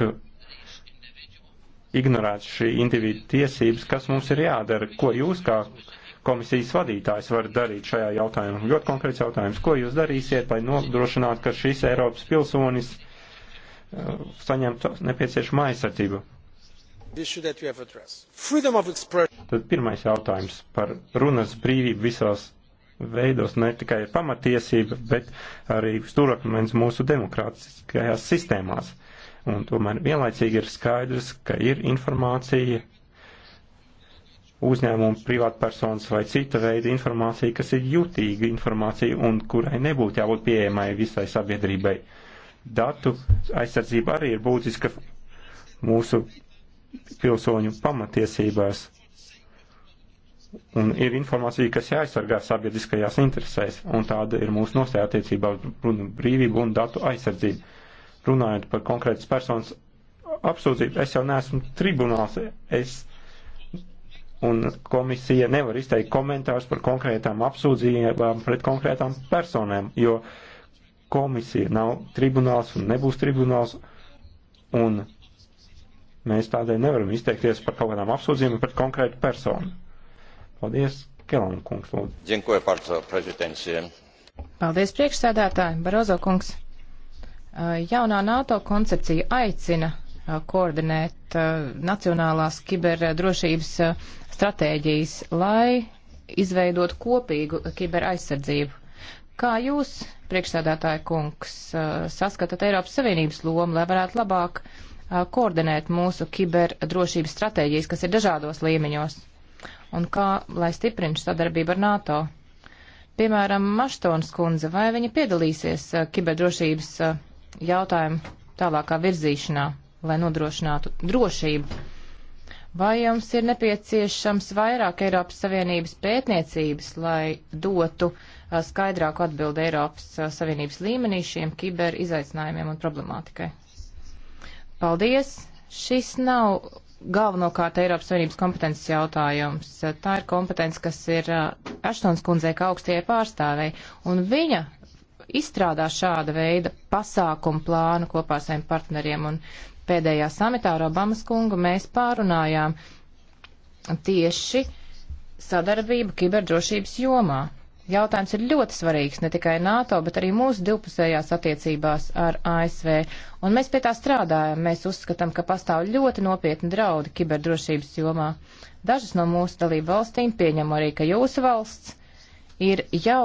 ignorēts šī individu tiesības, kas mums ir jādara, ko jūs kā komisijas vadītājs var darīt šajā jautājumā. Ļoti konkrēts jautājums. Ko jūs darīsiet, lai nodrošinātu, ka šis Eiropas pilsonis uh, saņemtu nepieciešamu aizsardzību? Tad pirmais jautājums par runas brīvību visās veidos ne tikai pamatiesības, bet arī stūrakmens mūsu demokrātiskajās sistēmās. Un tomēr vienlaicīgi ir skaidrs, ka ir informācija, uzņēmuma, privātpersonas vai cita veida informācija, kas ir jutīga informācija un kurai nebūtu jābūt pieejamai visai sabiedrībai. Datu aizsardzība arī ir būtiska mūsu pilsoņu pamatiesībās Un ir informācija, kas jāaizsargā sabiedriskajās interesēs, un tāda ir mūsu nostāja attiecībā uz runu brīvību un datu aizsardzību. Runājot par konkrētas personas apsūdzību, es jau neesmu tribunāls, es un komisija nevar izteikt komentārus par konkrētām apsūdzībām pret konkrētām personēm, jo komisija nav tribunāls un nebūs tribunāls, un mēs tādēļ nevaram izteikties par kaut kādām apsūdzībām pret konkrētu personu Paldies, Kelona kungs, lūdzu. Dziękuję bardzo, prezidentsiem. Paldies, priekšsēdētāji, Barozo kungs. Jaunā NATO koncepcija aicina koordinēt nacionālās kiberdrošības stratēģijas, lai izveidot kopīgu kiberaizsardzību. Kā jūs, priekšsēdētāja kungs, saskatat Eiropas Savienības lomu, lai varētu labāk koordinēt mūsu kiberdrošības stratēģijas, kas ir dažādos līmeņos? un kā lai stiprinu sadarbību ar NATO. Piemēram, Maštons kundze, vai viņa piedalīsies eh, kiberdrošības eh, jautājumu tālākā virzīšanā, lai nodrošinātu drošību? Vai jums ir nepieciešams vairāk Eiropas Savienības pētniecības, lai dotu eh, skaidrāku atbildi Eiropas Savienības līmenī šiem kiber izaicinājumiem un problemātikai? Paldies! Šis nav galvenokārt Eiropas Savienības kompetences jautājums. Tā ir kompetence, kas ir eh, Aštons kundzei kā augstajai pārstāvei, un viņa izstrādā šāda veida pasākumu plānu kopā ar saviem partneriem, un pēdējā samitā ar Obamas kungu mēs pārunājām tieši sadarbību kiberdrošības jomā. Jautājums ir ļoti svarīgs ne tikai NATO, bet arī mūsu divpusējās attiecībās ar ASV. Un mēs pie tā strādājam. Mēs uzskatām, ka pastāv ļoti nopietni draudi kiberdrošības jomā. Dažas no mūsu dalību valstīm pieņem arī, ka jūsu valsts ir jau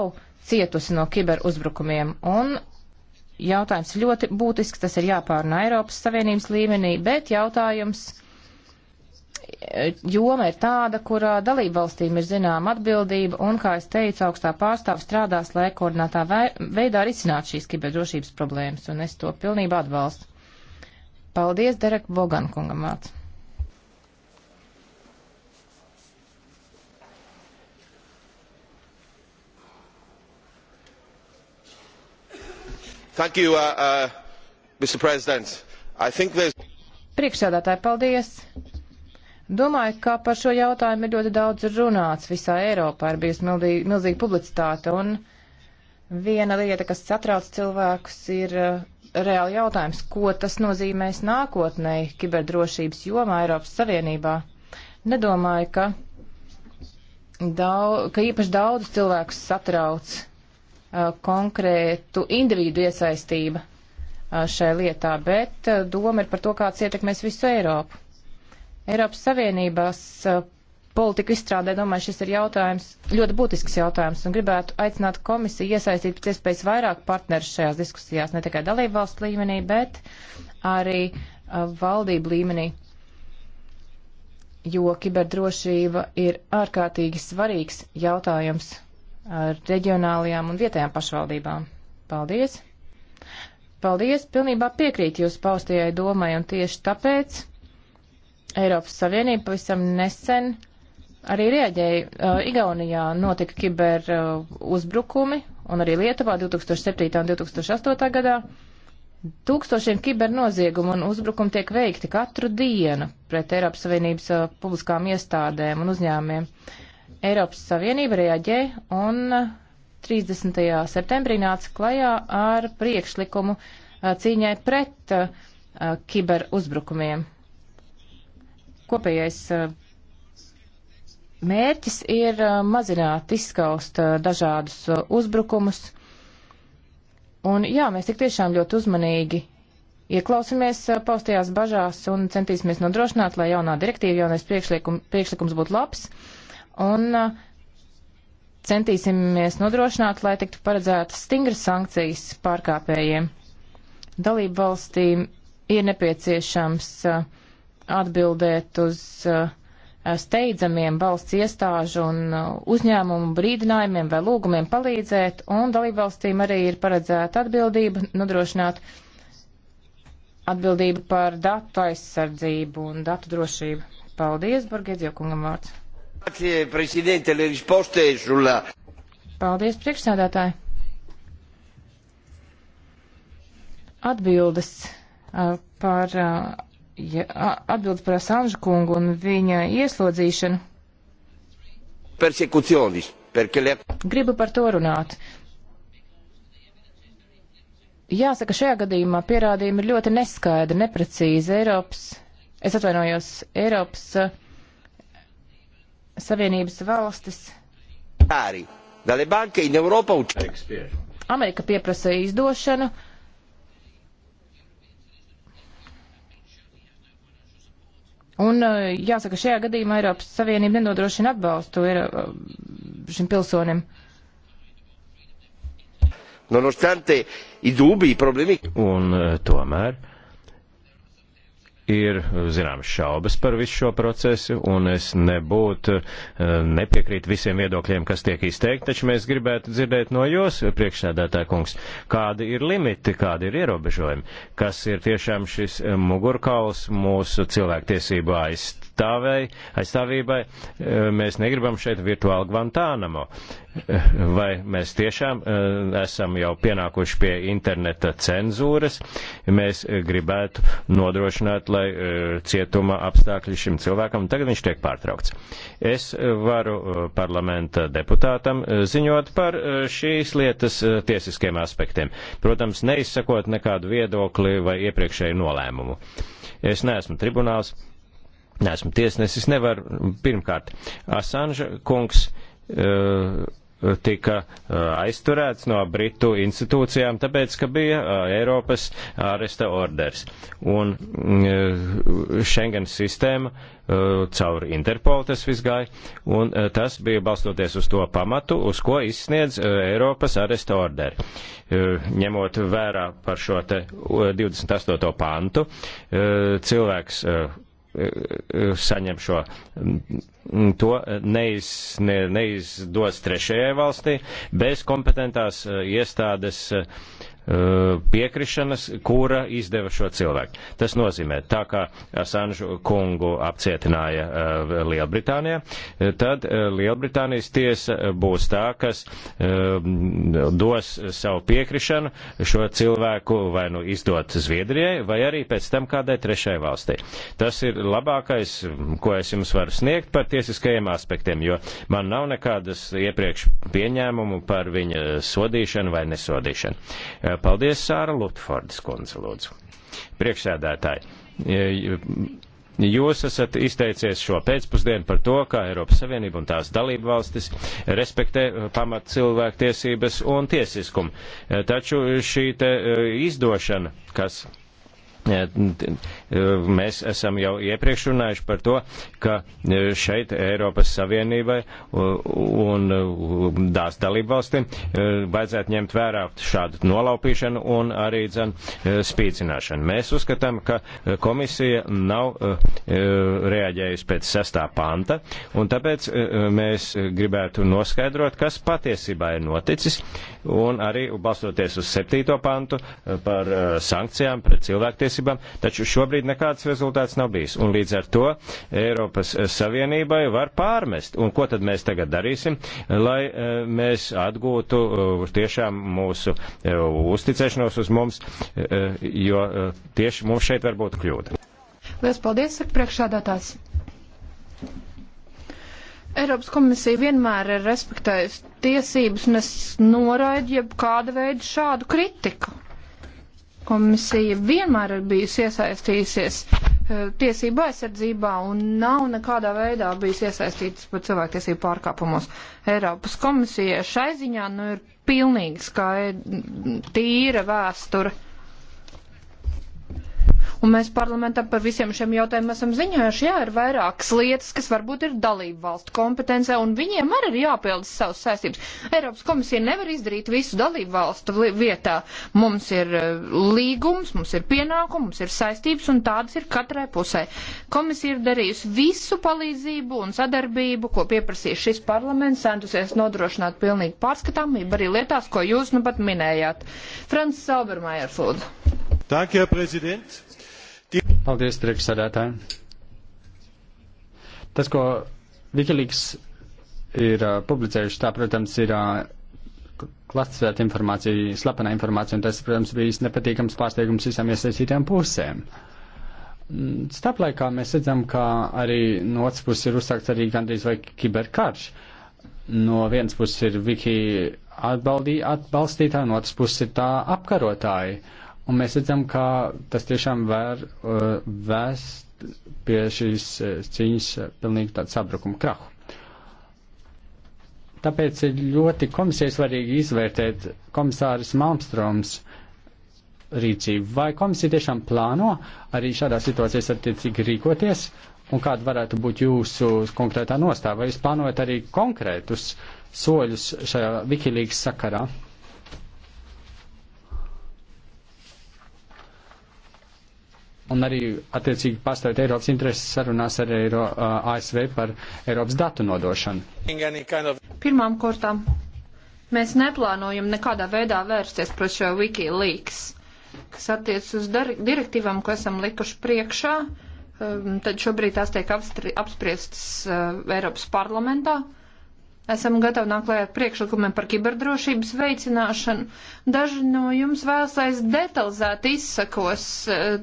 cietusi no kiberuzbrukumiem. Un jautājums ļoti būtisks, tas ir jāpārna Eiropas Savienības līmenī, bet jautājums joma ir tāda, kurā dalību valstīm ir zināma atbildība, un, kā es teicu, augstā pārstāva strādās, lai koordinātā veidā risinātu šīs kiberdrošības problēmas, un es to pilnībā atbalstu. Paldies, Derek Bogan kungam vārds. You, uh, uh, Priekšsēdētāji, paldies! Domāju, ka par šo jautājumu ir ļoti daudz runāts visā Eiropā, ir bijusi milzīga, milzīga publicitāte, un viena lieta, kas satrauc cilvēkus, ir uh, reāli jautājums, ko tas nozīmēs nākotnē kiberdrošības jomā Eiropas Savienībā. Nedomāju, ka, daudz, ka īpaši daudz cilvēkus satrauc uh, konkrētu individu iesaistība uh, šajā lietā, bet uh, doma ir par to, kāds ietekmēs visu Eiropu. Eiropas Savienībās uh, politiku izstrādē, domāju, šis ir jautājums, ļoti būtisks jautājums, un gribētu aicināt komisiju iesaistīt pēc iespējas vairāk partnerus šajās diskusijās, ne tikai dalību valstu līmenī, bet arī uh, valdību līmenī, jo kiberdrošība ir ārkārtīgi svarīgs jautājums reģionālajām un vietējām pašvaldībām. Paldies! Paldies! Pilnībā piekrīt jūs paustajai domai, un tieši tāpēc Eiropas Savienība pavisam nesen arī rieģēja. Uh, Igaunijā notika kiber uh, uzbrukumi un arī Lietuvā 2007. un 2008. gadā. Tūkstošiem kibernoziegumu un uzbrukumu tiek veikti katru dienu pret Eiropas Savienības uh, publiskām iestādēm un uzņēmiem. Eiropas Savienība reaģē un 30. Uh, septembrī nāca klajā ar priekšlikumu uh, cīņai pret uh, kiberuzbrukumiem kopējais eh, mērķis ir eh, mazināt, izskaust eh, dažādus uzbrukumus. Un jā, mēs tik tiešām ļoti uzmanīgi ieklausamies paustajās bažās un centīsimies nodrošināt, lai jaunā direktīva, jaunais priekšlikums, priekšlikums būtu labs. Un centīsimies nodrošināt, lai tiktu paredzētas stingras sankcijas pārkāpējiem. Dalību valstīm ir nepieciešams uh, atbildēt uz eh, steidzamiem valsts iestāžu un eh, uzņēmumu brīdinājumiem vai lūgumiem palīdzēt, un dalībvalstīm arī ir paredzēta atbildība nodrošināt atbildību par datu aizsardzību un datu drošību. Paldies, Borgēdzio kungam vārds. Paldies, priekšsēdētāji. Atbildes eh, par ja, atbildes par Asanžu kungu un viņa ieslodzīšanu. Le... Gribu par to runāt. Jāsaka, šajā gadījumā pierādījumi ir ļoti neskaidri, neprecīzi. Eiropas, es atvainojos, Eiropas uh, Savienības valstis. Arī. Dalle banche in Europa. Amerika pieprasa izdošanu. Uh, Un uh, jāsaka, šajā gadījumā Eiropas Savienība nenodrošina atbalstu uh, šim pilsonim. Nonostante i dubbi, i problemi. Un uh, tomēr ir zināmas šaubas par visu šo procesu, un es nebūtu eh, nepiekrīt visiem viedokļiem, kas tiek izteikti, taču mēs gribētu dzirdēt no jūs, priekšsēdētāja kungs, kādi ir limiti, kādi ir ierobežojumi, kas ir tiešām šis mugurkauls mūsu cilvēktiesību aizstāvēji, aizstāvībai. Eh, mēs negribam šeit virtuāli Guantānamo. Eh, vai mēs tiešām esam jau pienākuši pie interneta cenzūras? Mēs gribētu nodrošināt, lai lai e, cietuma apstākļi šim cilvēkam, un tagad viņš tiek pārtraukts. Es varu e, parlamenta deputātam e, ziņot par šīs lietas tiesiskiem aspektiem, protams, neizsakot nekādu viedokli vai iepriekšēju nolēmumu. Es neesmu tribunāls, neesmu tiesnesis, nevaru pirmkārt. Asanža kungs. Uh, tika uh, aizturēts no Britu institūcijām, tāpēc, ka bija uh, Eiropas āresta orders. Un mm, uh, Schengen sistēma caur Interpolu tas viss gāja, un tas bija balstoties uz to pamatu, uz ko izsniedz Eiropas aresta orderi. Ņemot vērā par šo te 28. pantu, cilvēks saņem šo, to neiz, ne, neizdos trešajai valstī bez kompetentās eh, iestādes uh, Uh, piekrišanas, kura izdeva šo cilvēku. Tas nozīmē, tā kā Asanžu kungu apcietināja uh, Lielbritānijā, uh, tad Lielbritānijas tiesa būs tā, kas dos savu piekrišanu šo cilvēku vai nu izdot Zviedrijai, vai arī pēc tam kādai trešai valstī. Tas ir labākais, mm, ko es jums varu sniegt par tiesiskajiem aspektiem, jo man nav nekādas iepriekš pieņēmumu par viņa sodīšanu vai nesodīšanu Paldies, Sāra Lutfordas kundze, lūdzu. Priekšsēdētāji, e, e, jūs esat izteicies šo pēcpusdienu par to, kā Eiropas Savienība un tās dalība valstis respektē e, pamat cilvēktiesības un tiesiskumu. Taču šī te izdošana, kas Mēs esam jau iepriekš runājuši par to, ka šeit Eiropas Savienībai un tās dalībvalstīm vajadzētu ņemt vērā šādu nolaupīšanu un arī dzen, spīcināšanu. Mēs uzskatām, ka komisija nav reaģējusi pēc sestā panta, un tāpēc mēs gribētu noskaidrot, kas patiesībā ir noticis, un arī balstoties uz septīto pantu par sankcijām pret cilvēktiesībām cilvēktiesībām, taču šobrīd nekāds rezultāts nav bijis. Un līdz ar to Eiropas Savienībai var pārmest. Un ko tad mēs tagad darīsim, lai eh, mēs atgūtu eh, tiešām mūsu eh, uzticēšanos uz mums, jo tieši mums šeit var būt kļūda. Lielas paldies, saka priekšādātājs. Eiropas komisija vienmēr ir respektējusi tiesības, un es noraidu jebkāda veida šādu kritiku komisija vienmēr ir bijusi iesaistījusies eh, tiesību aizsardzībā un nav nekādā veidā bijusi iesaistītas par cilvēktiesību pārkāpumos. Eiropas komisija šai ziņā nu, ir pilnīgi skaidra, tīra vēsture. Un mēs parlamentā par visiem šiem jautājumiem esam ziņojuši, jā, ir vairākas lietas, kas varbūt ir dalību valstu kompetencē, un viņiem arī ir jāpildas savas saistības. Eiropas komisija nevar izdarīt visu dalību valstu vietā. Mums ir eh, līgums, mums ir pienākums, mums ir saistības, un tādas ir katrai pusē. Komisija ir darījusi visu palīdzību un sadarbību, ko pieprasīja šis parlaments, centusies nodrošināt pilnīgi pārskatāmību arī lietās, ko jūs nu pat minējāt. Frans Saubermajer, lūdzu. Danke, Herr Präsident. Paldies, priekšsēdētāji. Tas, ko Wikileaks ir uh, publicējuši, tā, protams, ir uh, klasificēta informācija, slepenā informācija, un tas, protams, bijis nepatīkams pārsteigums visām iesaistītām pusēm. Mm, Staplaikā mēs redzam, ka arī no otras puses ir uzsākts arī gandrīz vai kiberkarš. No vienas puses ir Viki atbaldī, atbalstītāji, no otras puses ir tā apkarotāji. Uh, Un mēs redzam, ka tas tiešām var uh, vēst pie šīs uh, cīņas uh, pilnīgi tādu sabrukumu krahu. Tāpēc ir ļoti komisijai svarīgi izvērtēt komisāris Malmstroms rīcību. Vai komisija tiešām plāno arī šādā situācijā attiecīgi rīkoties? Un kāda varētu būt jūsu konkrētā nostāja? Vai jūs plānojat arī konkrētus soļus šajā Wikileaks sakarā? un arī attiecīgi pārstāvēt Eiropas intereses sarunās ar Eiro, uh, ASV par Eiropas datu nodošanu. Pirmām kārtām mēs neplānojam nekādā veidā vērsties pret šo Wikileaks, kas attiec uz direktīvām, ko esam likuši priekšā. Um, tad šobrīd tās tiek apspriestas uh, Eiropas parlamentā. Uh, Esam gatavi nākt klajā ar priekšlikumiem par kiberdrošības veicināšanu. Daži no jums vēlas, lai es detalizēti izsakos eh,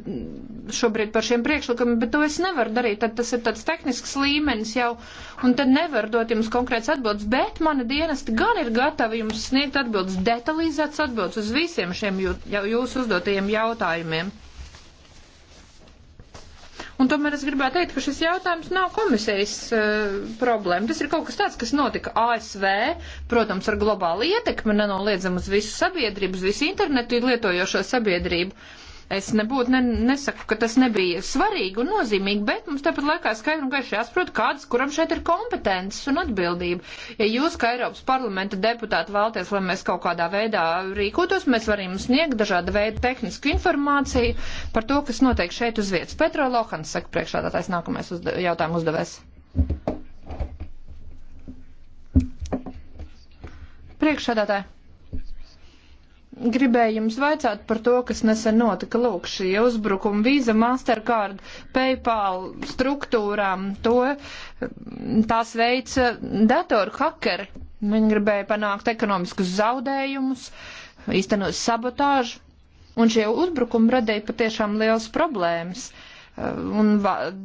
šobrīd par šiem priekšlikumiem, bet to es nevaru darīt. Tad tas ir tāds tehnisks līmenis jau, un tad nevaru dot jums konkrēts atbildes, bet mana dienesta gan ir gatava jums sniegt atbildes, detalizēts atbildes uz visiem šiem jū, jau jūsu uzdotajiem jautājumiem. Un tomēr es gribētu teikt, ka šis jautājums nav komisijas uh, problēma. Tas ir kaut kas tāds, kas notika ASV, protams, ar globālu ietekmi, nenoliedzam uz visu sabiedrību, uz visu internetu lietojošo sabiedrību. Uh, Es nebūtu ne, nesaku, ka tas nebija svarīgi un nozīmīgi, bet mums tāpat laikā skaidri un gaiši jāsaprot, kādas, kuram šeit ir kompetences un atbildība. Ja jūs, kā Eiropas parlamenta deputāti, vēlaties, lai mēs kaut kādā veidā rīkotos, mēs varam sniegt dažāda veida tehnisku informāciju par to, kas notiek šeit uz vietas. Petro Lohans saka priekšādātais nākamais uzde jautājumu uzdevējs. Priekšādātāji gribēju jums vaicāt par to, kas nesen notika. Lūk, šī uzbrukuma vīza, Mastercard, PayPal struktūrām, to tās veica datoru hakeri. Viņi gribēja panākt ekonomiskus zaudējumus, īstenot sabotāžu, un šie uzbrukumi radīja patiešām liels problēmas. Uh, Eh, un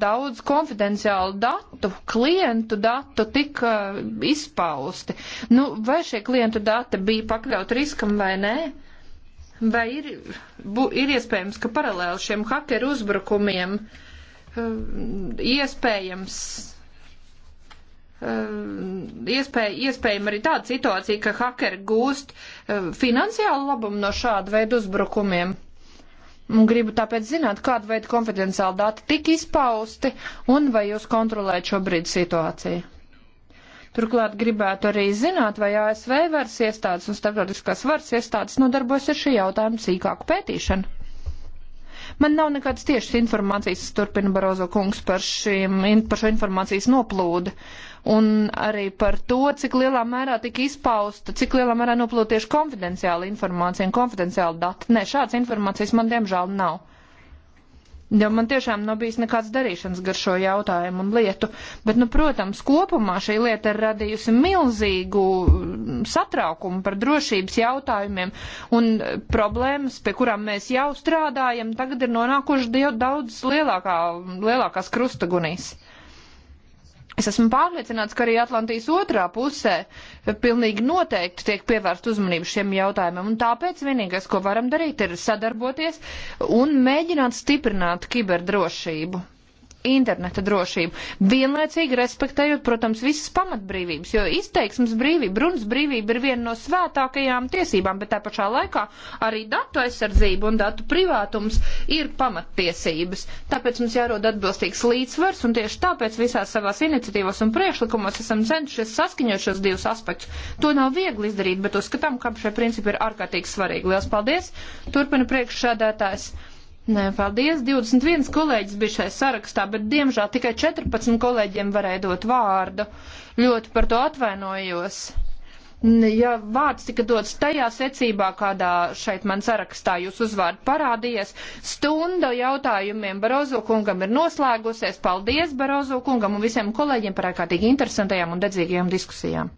daudz konfidenciālu datu, klientu datu tika eh, izpausti. Nu, vai šie klientu dati bija pakļauti riskam vai nē? Vai ir, bu, ir iespējams, ka paralēli šiem hakeru uzbrukumiem eh, iespējams iespēja, iespējama arī tāda situācija, ka hakeri gūst finansiālu labumu no šāda veida uzbrukumiem? Un gribu tāpēc zināt, kāda veida konfidenciāli dati tika izpausti un vai jūs kontrolējat šobrīd situāciju. Turklāt gribētu arī zināt, vai ASV varas iestādes un starptautiskās varas iestādes nodarbojas ar šī jautājuma sīkāku pētīšanu. Man nav nekādas tiešas informācijas, turpina Barozo kungs, par, šim, par šo informācijas noplūdu. Uh, un arī par to, cik lielā mērā tika izpausta, cik lielā mērā noplūda tieši konfidenciāla informācija un konfidenciāla data. Nē, šādas informācijas man diemžēl nav. Jo man tiešām nav bijis nekāds darīšanas gar šo jautājumu un lietu. Bet, nu, protams, kopumā šī lieta ir radījusi milzīgu mm, satraukumu par drošības jautājumiem un eh, problēmas, pie kurām mēs jau strādājam, tagad ir nonākuši daudz lielākā, lielākās krustagunīs. Es esmu pārliecināts, ka arī Atlantijas otrā pusē pilnīgi noteikti tiek pievērst uzmanību šiem jautājumiem, un tāpēc vienīgais, ko varam darīt, ir sadarboties un mēģināt stiprināt kiberdrošību interneta drošību, vienlaicīgi respektējot, protams, visas pamatbrīvības, jo izteiksmes brīvība, runas brīvība ir viena no svētākajām tiesībām, bet tā pašā laikā arī datu aizsardzība un datu privātums ir pamattiesības. Tāpēc mums jārod atbilstīgs līdzsvars, un tieši tāpēc visās savās iniciatīvās un priekšlikumos esam cenšies saskaņot šos divus aspektus. To nav viegli izdarīt, bet uzskatām, ka šie principi ir ārkārtīgi svarīgi. Lielas paldies! Turpina priekšsēdētājs. Nē, paldies. 21 kolēģis bija šai sarakstā, bet diemžēl tikai 14 kolēģiem varēja dot vārdu. Ļoti par to atvainojos. Ja vārds tika dots tajā secībā, kādā šeit man sarakstā jūs uzvārdu parādījies, stunda jautājumiem Barozo kungam ir noslēgusies. Paldies Barozo kungam un visiem kolēģiem par ārkārtīgi interesantajām un dedzīgajām diskusijām.